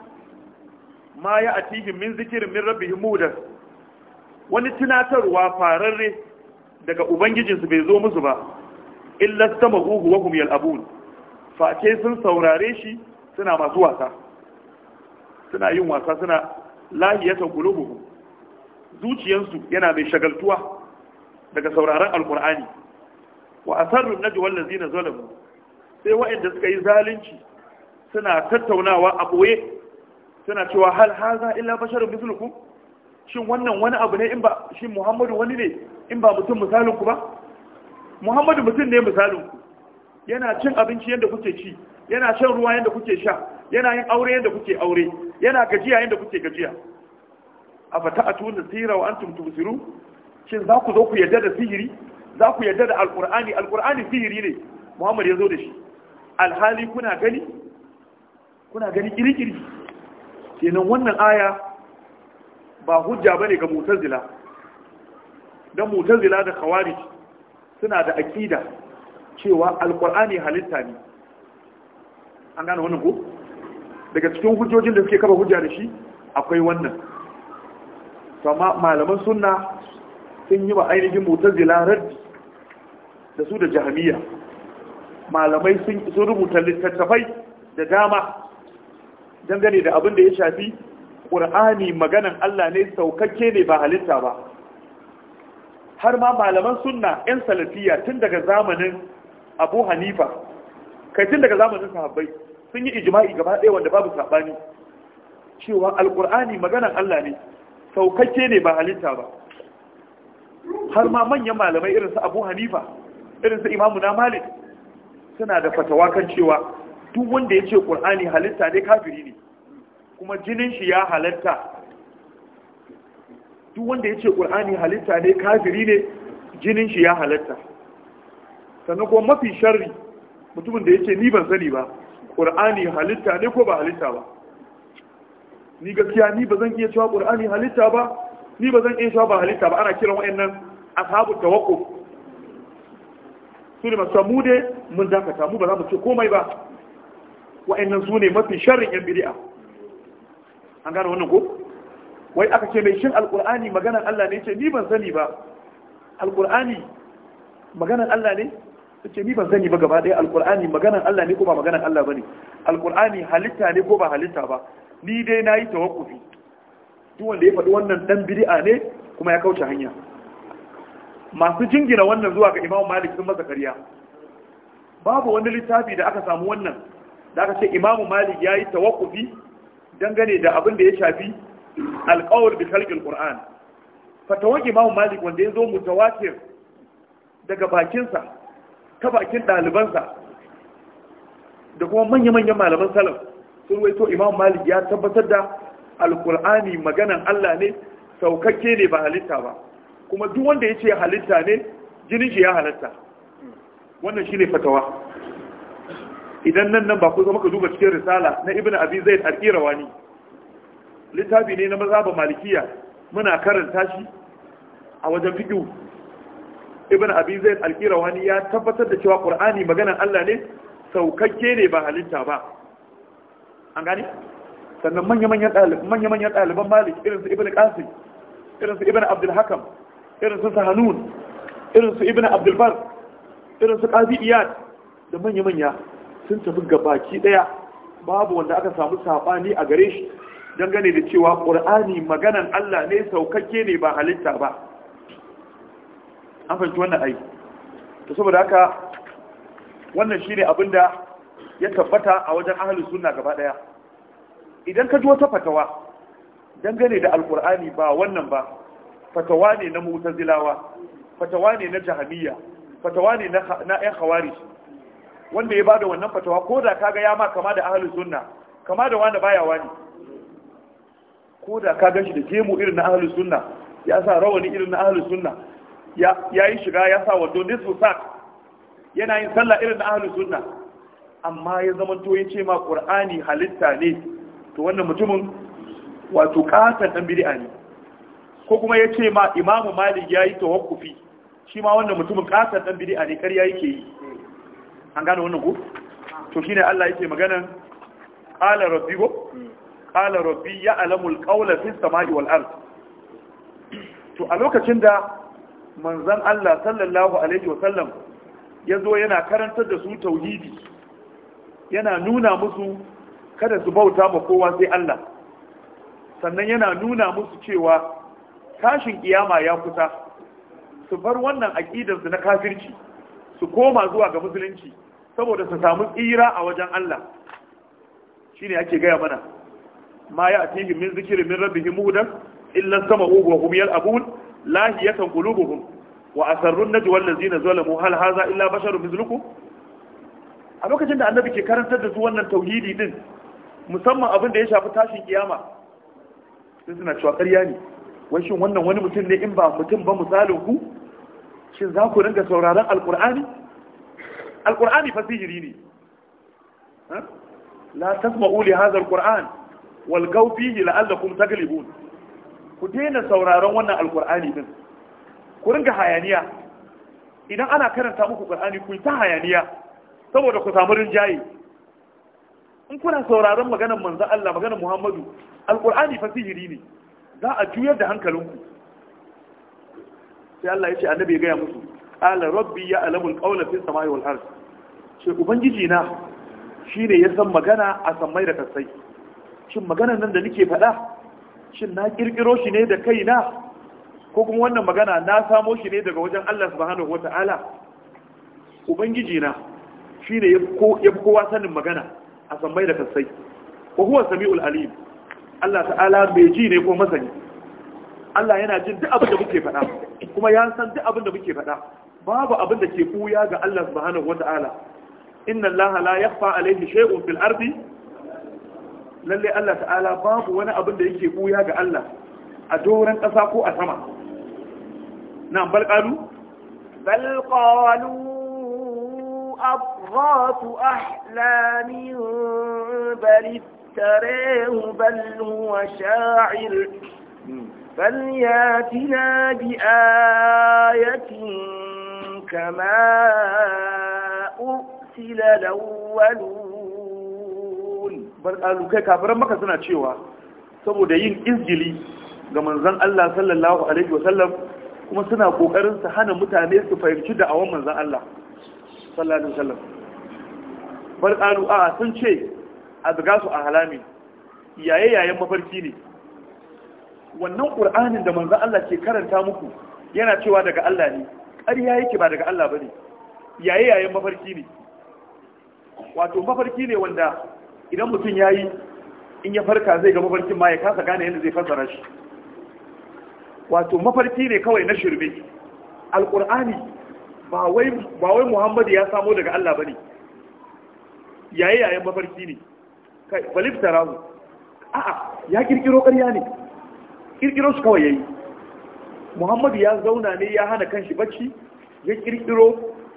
ma ya atihim min zikirin min mu mudan wani tunatarwa fararre daga ubangijinsu bai zo musu ba illa stama'uhu wa hum yal'abun face sun saurare shi suna masu wasa suna yin wasa suna lahiyatan qulubuhum zuciyansu yana mai shagaltuwa daga sauraron alqur'ani wa asarru najwa allazina zalamu sai waɗanda suka yi zalunci suna tattaunawa a ɓoye. suna cewa hal haza illa basharun mislukum shin wannan wani abu ne in ba shin Muhammadu wani ne in ba mutum misalin ku ba Muhammadu mutum ne misalin ku yana cin abinci yadda kuke ci yana shan ruwa yadda kuke sha yana yin aure yadda kuke aure yana gajiya yadda kuke gajiya a fata a tuna sira wa antum tubsiru shin za ku zo ku yarda da sihiri za ku yarda da alqur'ani alqur'ani sihiri ne muhammad ya zo da shi alhali kuna gani kuna gani kirikiri kenan wannan aya ba hujja bane ga mutazila dan mutazila da khawarij suna da akida cewa alqur'ani halitta ne an gane wannan ko daga cikin hujjojin da suke kafa hujja da shi akwai wannan amma malaman sunna sun yi wa ainihin mutazila raddi da su da jahamiya malamai sun rubuta littattafai da dama dangane da abin da ya shafi ƙur'ani maganan Allah ne saukakke ne ba halitta ba har ma malaman sunna 'yan salafiya tun daga zamanin abu hanifa kai tun daga zamanin sahabbai sun yi ijima'i gaba ɗaya wanda babu saɓani cewa alƙur'ani maganan Allah ne saukakke ne ba halitta ba har ma manyan malamai irin su abu hanifa irin su imamu na malik suna da fatawa kan cewa duk wanda ya ce ƙur'ani halitta ne kafiri ne kuma jinin shi ya halitta duk wanda ya ce ƙur'ani halitta ne kafiri ne jinin shi ya halitta sannan kuma mafi sharri mutumin da ya ce ni ban sani ba ƙur'ani halitta ne ko ba halitta ba ni gaskiya ni ba zan iya cewa ƙur'ani halitta ba ni ba zan iya cewa ba halitta ba ana kiran wa'annan ashabu tawakkuf su ne masu mu dai mun dakata mu ba za mu ce komai ba wa'annan su ne mafi sharrin yan bidi'a an gane wannan ko wai aka ce mai shin alqur'ani maganar Allah ne ce ni ban sani ba alqur'ani maganar Allah ne ce ni ban sani ba gaba ɗaya alqur'ani maganar Allah ne ko ba maganar Allah bane alqur'ani halitta ne ko ba halitta ba ni dai nayi tawakkufi duk wanda ya faɗi wannan dan bidi'a ne kuma ya kauce hanya masu jingina wannan zuwa ga Imam Malik sun masa karya. babu wani littafi da aka samu wannan da aka ce imamu malik ya yi tawakufi dangane da abin da ya shafi alkawar da shalƙin ƙur'an fatawar imamu malik wanda ya zo mu mutawatir daga bakinsa ta bakin ɗalibansa da kuma manya-manyan malaman salam sun waito imamu malik ya tabbatar da alkur'ani maganan allah ne saukakke ne ba halitta ba kuma duk wanda ya ce halitta ne jinin shi ya halatta wannan shi ne fatawa idan nan nan ba ku zama ka duba cikin risala na ibn abi zaid al-qirawani littafi ne na mazhabin malikiya muna karanta shi a wajen fiqh ibn abi zaid al-qirawani ya tabbatar da cewa qur'ani maganar Allah ne saukakke ne ba halitta ba an gane sannan manya-manyan manya-manyan ɗaliban malik irin su ibn qasim irin su ibn abdul hakam irin su sahanun irin su ibn abdul bar irin su qazi iyad da manya-manya sun tafi gabaki daya babu wanda aka samu sabani a gare shi dangane da cewa ƙur'ani maganan Allah ne saukakke ne ba halitta ba an fahimci wannan ai to saboda haka wannan shine da ya tabbata a wajen ahlus sunna gaba daya idan ka ji wata fatawa dangane da Alƙur'ani ba wannan ba fatawa ne na mutazilawa fatawa ne na jahamiyya fatawa ne na 'yan hawari wanda ya bada wannan fatawa ko da kaga ya ma kama da ahlus sunna kama da wanda baya wani ko da ka ganshi da jemu irin na ahlus sunna ya sa rawani irin na ahlus sunna ya yi shiga ya sa wato nisfu sak yana yin sallah irin na ahlus sunna amma ya zama to ya ce ma qur'ani halitta ne to wannan mutumin wato kasan dan bid'a ne ko kuma ya ce ma imamu malik ya yi tawakkufi shi ma wannan mutumin kasan dan bid'a ne kar yayi ke yi an gane wannan ku to shine Allah yake maganan qala rabbi go qala rabbi ya'lamul qawla fis samai wal ard to a lokacin da manzon Allah sallallahu alaihi wasallam yazo yana karantar da su tauhidi yana nuna musu kada su bauta ma kowa sai Allah sannan yana nuna musu cewa kashin kiyama ya kusa su bar wannan su na kafirci su koma zuwa ga musulunci saboda su samu tsira a wajen Allah Shi ne ake gaya mana ma ya atihi min zikiri min rabbihim muhdan illan sama ugu wa hum yal'abun lahiyatan qulubuhum wa asarrun zina allazina zalamu hal haza illa basharun mithlukum a lokacin da annabi ke karantar da su wannan tauhidi din musamman abin da ya shafi tashin kiyama sai suna cewa ƙarya ne wai shin wannan wani mutum ne in ba mutum ba misalin ku shin za ku rinka sauraron alkur'ani alkur'ani fa ne la tasma'u li Kur'an. alquran wal fihi la'allakum taglibun ku daina sauraron wannan alkur'ani din ku rinka hayaniya idan ana karanta muku ƙur'ani ku yi ta hayaniya saboda ku samu rinjaye in kuna sauraron maganar manzo Allah maganar Muhammadu alkur'ani fa ne za a juyar da hankalinku sai Allah ya ce annabi ya gaya musu ala rabbi ya alamul qawla fi samai wal ard shi ubangiji na shine ya san magana a samai da kasai shin magana nan da nake faɗa shin na kirkiro shi ne da kaina ko kuma wannan magana na samo shi ne daga wajen Allah subhanahu wata'ala ubangiji na shine ya fi kowa sanin magana a samai da kasai wa huwa sami'ul alim Allah ta'ala bai ji ne ko masani Allah yana jin duk abin da muke faɗa kuma ya san duk abin da muke faɗa babu abin da ke buya ga Allah subhanahu wata'ala inna Allah la yakhfa alayhi shay'un fil ardi lalle Allah ta'ala babu wani abin da yake buya ga Allah a doran ƙasa ko a sama na bal qalu bal qalu أضغاث أحلام بل افتريه بل هو شاعر فلياتنا بآية كما أرسل الأولون kai kafiran maka suna cewa saboda yin إزجلي ga zan Allah sallallahu alaihi wa sallam, kuma suna kokarin su hana mutane su fahimci da awon manzan Allah sallallahu alaihi sallam. bar qalu a sun ce azgasu ahlami yaye yayen mafarki ne wannan ƙur'anin da manzan Allah ke karanta muku yana cewa daga Allah ne ƙarya yake ba daga Allah ba ne. yaye yayin mafarki ne wato mafarki ne wanda idan mutum ya yi in ya farka zai ga mafarkin ma ya kasa gane yadda zai fassara shi wato mafarki ne kawai na shirme alqur'ani ba wai ba wai ya samo daga Allah ba ne. yaye yayin mafarki ne kai balif tarahu a'a ya kirkiro ƙarya ne kirkiro su kawai yi. muhammadu ya zauna ne ya hana kan shi bacci ya kirkiro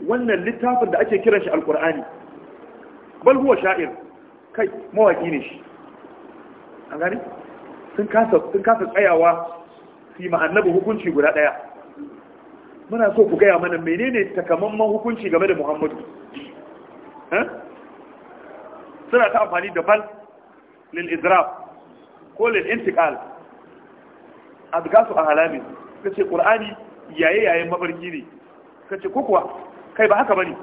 wannan littafin da ake kiran shi alkur'ani bal huwa sha'ir kai mawaki ne shi an gani sun kasa tsayawa su yi ma'annabi hukunci guda ɗaya. muna so ku gaya mana menene takamaiman hukunci game da muhammadu eh? suna ta amfani da bal lil izraf ko lil azgasu a halamin kace qur'ani yaye yayin mafarki ne kace ko kuwa kai ba haka ba bane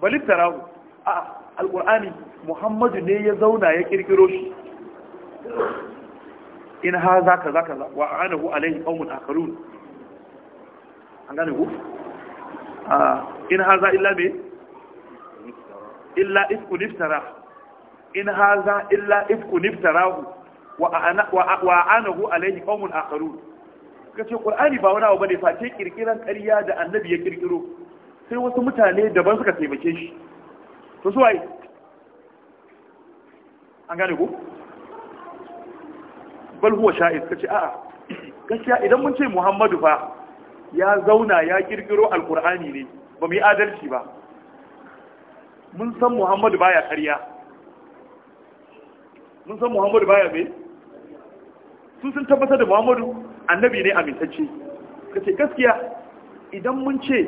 balit tarahu a alqur'ani muhammadu ne ya zauna ya kirkiro shi in ha zaka zaka wa anahu alaihi qaumun akharun an gane ku in haza illa me illa ifkun iftara in haza illa ifkun iftarahu wa anahu a qaumun akharun kace qur'ani ba wani abu bane face kirkiran ƙarya da annabi ya kirkiro sai wasu mutane daban suka taimake shi to su waye an gane ku bal huwa sha'id kace a'a gaskiya idan mun ce muhammadu fa ya zauna ya kirkiro alqur'ani ne ba mu yi adalci ba mun san muhammadu baya ƙarya mun san muhammadu baya mai su sun tabbatar da muhammadu annabi ne amintacce ka ce gaskiya idan mun ce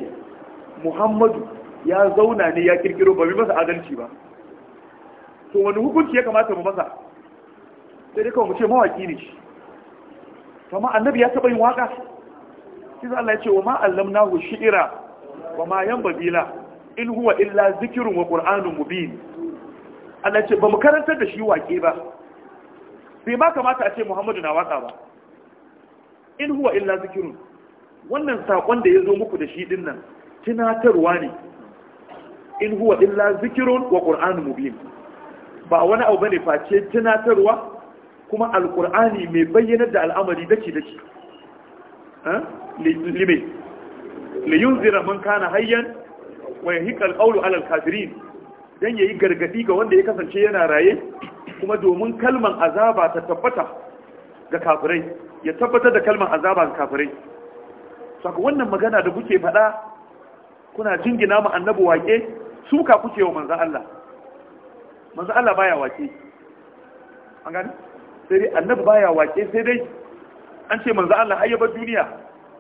muhammadu ya zauna ne ya kirkiro ba bi masa adalci ba to wani hukunci ya kamata mu masa sai dai kawai mu ce mawaki ne shi kama annabi ya taɓa yin waka shi Allah ya ce wa ma nahu shi'ira wa ma yan babila in huwa illa zikirin wa qur'anun mubin Allah ya ce ba mu karantar da shi waƙe ba Sai ma kamata a ce muhammadu na waka ba in huwa illa zikirun wannan saƙon da ya zo muku da shi din nan tunatarwa ne in huwa illa zikirun wa ƙur'anu mubin ba wani abu bane face tunatarwa kuma alƙur'ani mai bayyanar da al'amari dake dake eh? lime liyunzira man kana hayyan wa yahiqal qawlu ala alkafirin dan yayi gargadi ga wanda ya kasance yana raye kuma domin kalman azaba ta tabbata ga kafirai ya tabbatar da kalman azaba ga kafirai saka wannan magana da kuke faɗa kuna jingina mu annabi waƙe suka kuke wa manzo Allah manzo Allah baya waƙe an gani sai dai annabi baya waƙe sai dai an ce manzo Allah ayyaba duniya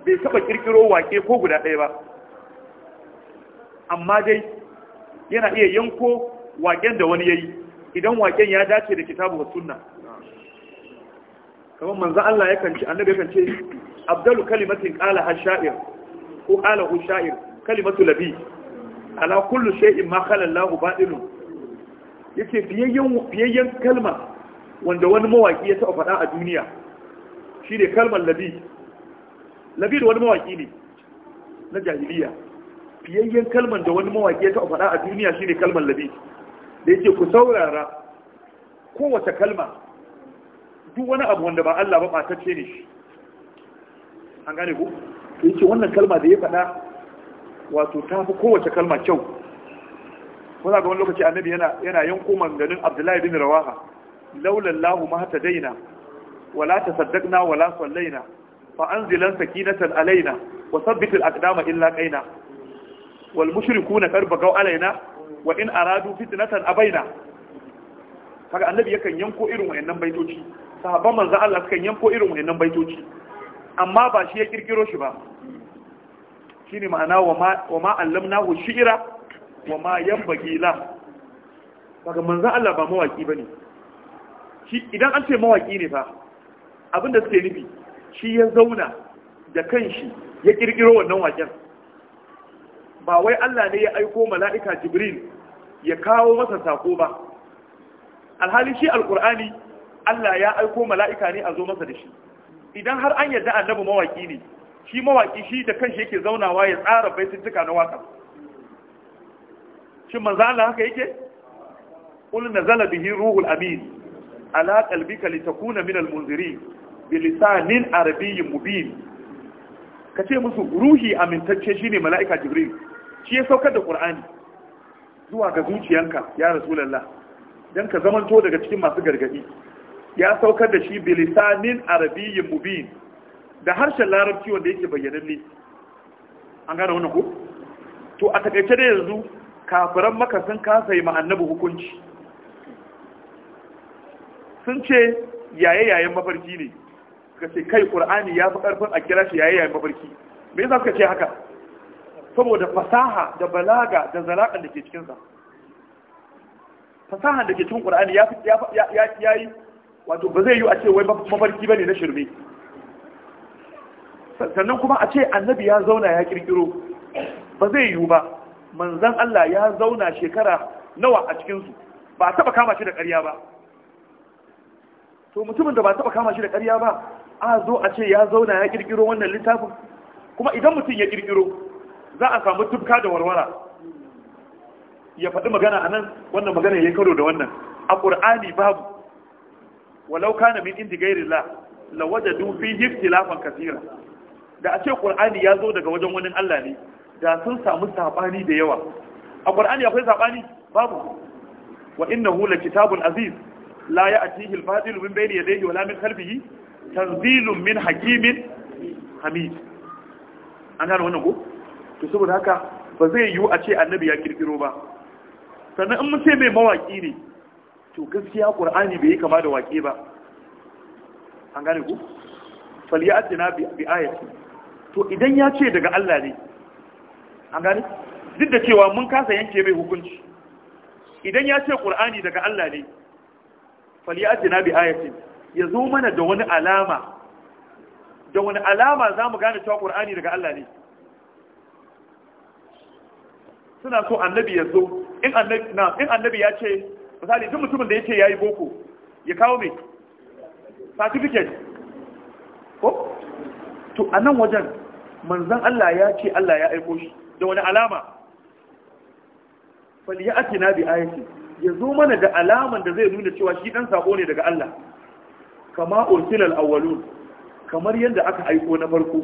bai saba kirkiro wake ko guda ɗaya ba amma dai yana iya yanko waƙen da wani yayi idan waken ya dace da kitabu wa sunna kamar manzan Allah ya kanci annabi ya kance abdalu kalimatin qala ha ko qala hu sha'ir kalimatu labi ala kullu shay'in ma khala Allah batilun yace biyayyen biyayyen kalma wanda wani mawaki ya taba faɗa a duniya shine kalmar labi labi wani mawaki ne na jahiliya biyayyen kalmar da wani mawaki ya taba faɗa a duniya shine kalmar labi da yake ku saurara kowace kalma duk wani abu wanda ba Allah ba matacce ne shi an gane ku da yake wannan kalma da ya faɗa wato ta fi kowace kalma kyau kuna ga wani lokaci annabi yana yana yanko manganin abdullahi bin rawaha laulallahu ma hata daina wala wala sallaina fa anzilan sakinatan alaina wa thabbit al-aqdama illa qaina wal mushrikuuna qad bagaw alaina wa in aradu fitnatan abaina kaga annabi yakan yanko irin wayannan baitoci sahabban manzo Allah suka yanko irin wayannan baitoci amma ba shi ya kirkiro shi ba shine ma'ana wa ma wa ma allamnahu shi'ra wa ma yanbaghi la kaga manzo Allah ba mawaki bane shi idan an ce mawaki ne fa abinda suke nufi shi ya zauna da kanshi ya kirkiro wannan waken ba wai Allah ne ya aiko mala'ika jibril ya kawo masa sako ba alhali shi alkur'ani Allah ya aiko mala'ika ne a zo masa da shi idan har an yadda annabi mawaki ne shi mawaki shi da kanshi yake zaunawa ya tsara baituttuka na waka shin manzo Allah haka yake qul nazala bihin ruhul amin ala ka litakuna min almunzirin bi lisanin arabiyyin mubin kace musu ruhi amintacce shine mala'ika jibril shi ya saukar da ƙur'ani zuwa ga zuciyanka ya rasu lalla, don ka zamanto daga cikin masu gargaɗi ya saukar da shi bilisanin arabiyyin mubin da harshen larabci wanda yake bayyananne an gane wannan ko to a takaice da yanzu kafiran maka sun kasa yi annabi hukunci sun ce yaye-yayen mafarki ne ka ce kai ƙur'ani ya fi ƙarfin a kira shi yaye-yayen mafarki me yasa suka ce haka saboda fasaha da balaga da zalaƙan da ke cikinsa fasaha da ke cikin ƙur'ani ya yi wato ba zai yi a ce wai mafarki ba ne na shirme sannan kuma a ce annabi ya zauna ya kirkiro ba zai yiwu ba manzan Allah ya zauna shekara nawa a cikinsu ba a taɓa kama shi da ƙarya ba to mutumin da ba taɓa kama shi da ƙarya ba a zo a ce ya zauna ya kirkiro wannan littafin kuma idan mutum ya kirkiro za a samu tufka da warwara ya faɗi magana a nan wannan magana ya yi karo da wannan a ƙur'ani babu walau kana min indi gairillah la wajadu fi ikhtilafan kathira da a ce ƙur'ani ya zo daga wajen wani Allah ne da sun samu saɓani da yawa a ƙur'ani akwai saɓani babu wa innahu la kitabun aziz la ya'tihi al-batil min bayni yadayhi wala min khalfihi tanzilun min hakimin hamid an gano wannan ko to saboda haka ba zai yiwu a ce annabi ya kirkiro ba sannan in mun ce mai mawaƙi ne to gaskiya qur'ani bai yi kama da waƙe ba an gane ku falyatina bi ayati to idan ya ce daga Allah ne an gane duk da cewa mun kasa yanke mai hukunci idan ya ce qur'ani daga Allah ne falyatina bi ayatin ya zo mana da wani alama da wani alama za mu gane cewa qur'ani daga Allah ne suna so annabi ya zo in annabi ya ce misali duk mutumin da ya ce ya yi boko ya kawo mai certificate ko to a nan wajen manzan Allah ya ce Allah ya aiko shi da wani alama fali ya ake na bi ya zo mana da alaman da zai nuna cewa shi dan sako ne daga Allah kama ursilal awwalun kamar yadda aka aiko na farko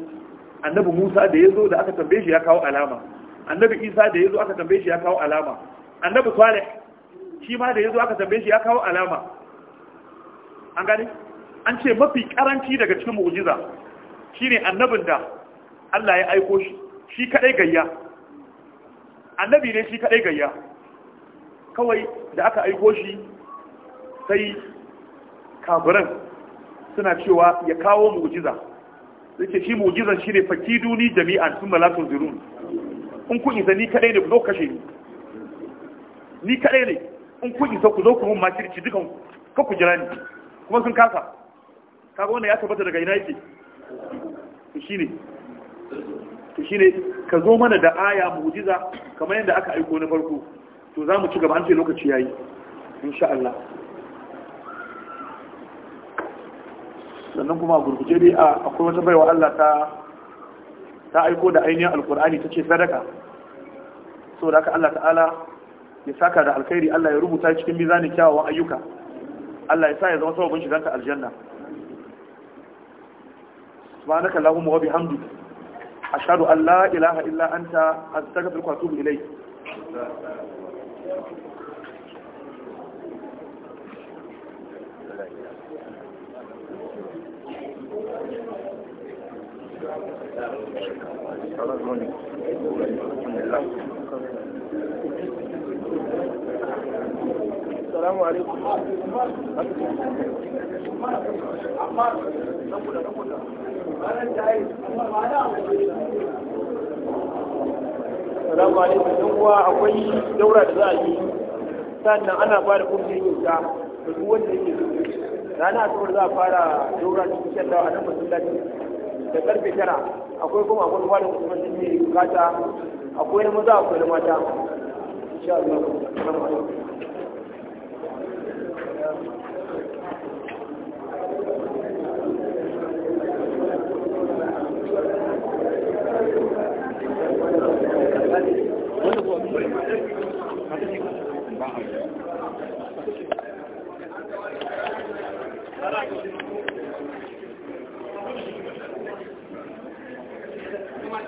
annabi Musa da ya zo da aka tambaye shi ya kawo alama annabi isa da ya zo aka tambaye shi ya kawo alama annabi kwale shi ma da ya zo aka tambaye shi ya kawo alama an gane an ce mafi karanci daga cikin mu'jiza shine annabin da Allah ya aiko shi shi kadai gayya annabi ne shi kadai gayya kawai da aka aiko shi sai kaburan suna cewa ya kawo mu'jiza sai ce shi mu'jizan shine fakiduni jami'an sun malatun zirun in kun isa ni kadai ne ku zo kashe ni ni kadai ne in kun isa ku zo ku mun makirci dukan ka ku jira ni kuma sun kasa kaga wannan ya tabbata daga ina yake to shine to shine ka zo mana da aya mu'jiza kamar yadda aka aiko na farko to za mu ci gaba an ce lokaci yayi insha Allah sannan kuma a gurguje dai akwai wata baiwa Allah ta ta aiko da ainihin alkur'ani ta ce sadaka saboda haka Allah ta'ala ya saka da alkhairi Allah ya rubuta cikin mizanin kyawawan ayyuka Allah ya sa ya zama sababin shiganta aljanna subhanaka allahumma wa bihamdika ashhadu an la ilaha illa anta astaghfiruka wa atubu ilayk Thank you. السلام عليكم السلام عليكم akwai daura da za a yi sannan ana ba da kuma kyauta da duk wanda yake rana a za a fara daura da a nan da karfe tara akwai kuma akwai kuma da kuma sun yi bukata akwai na maza akwai na mata insha Allah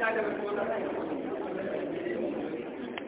ta daga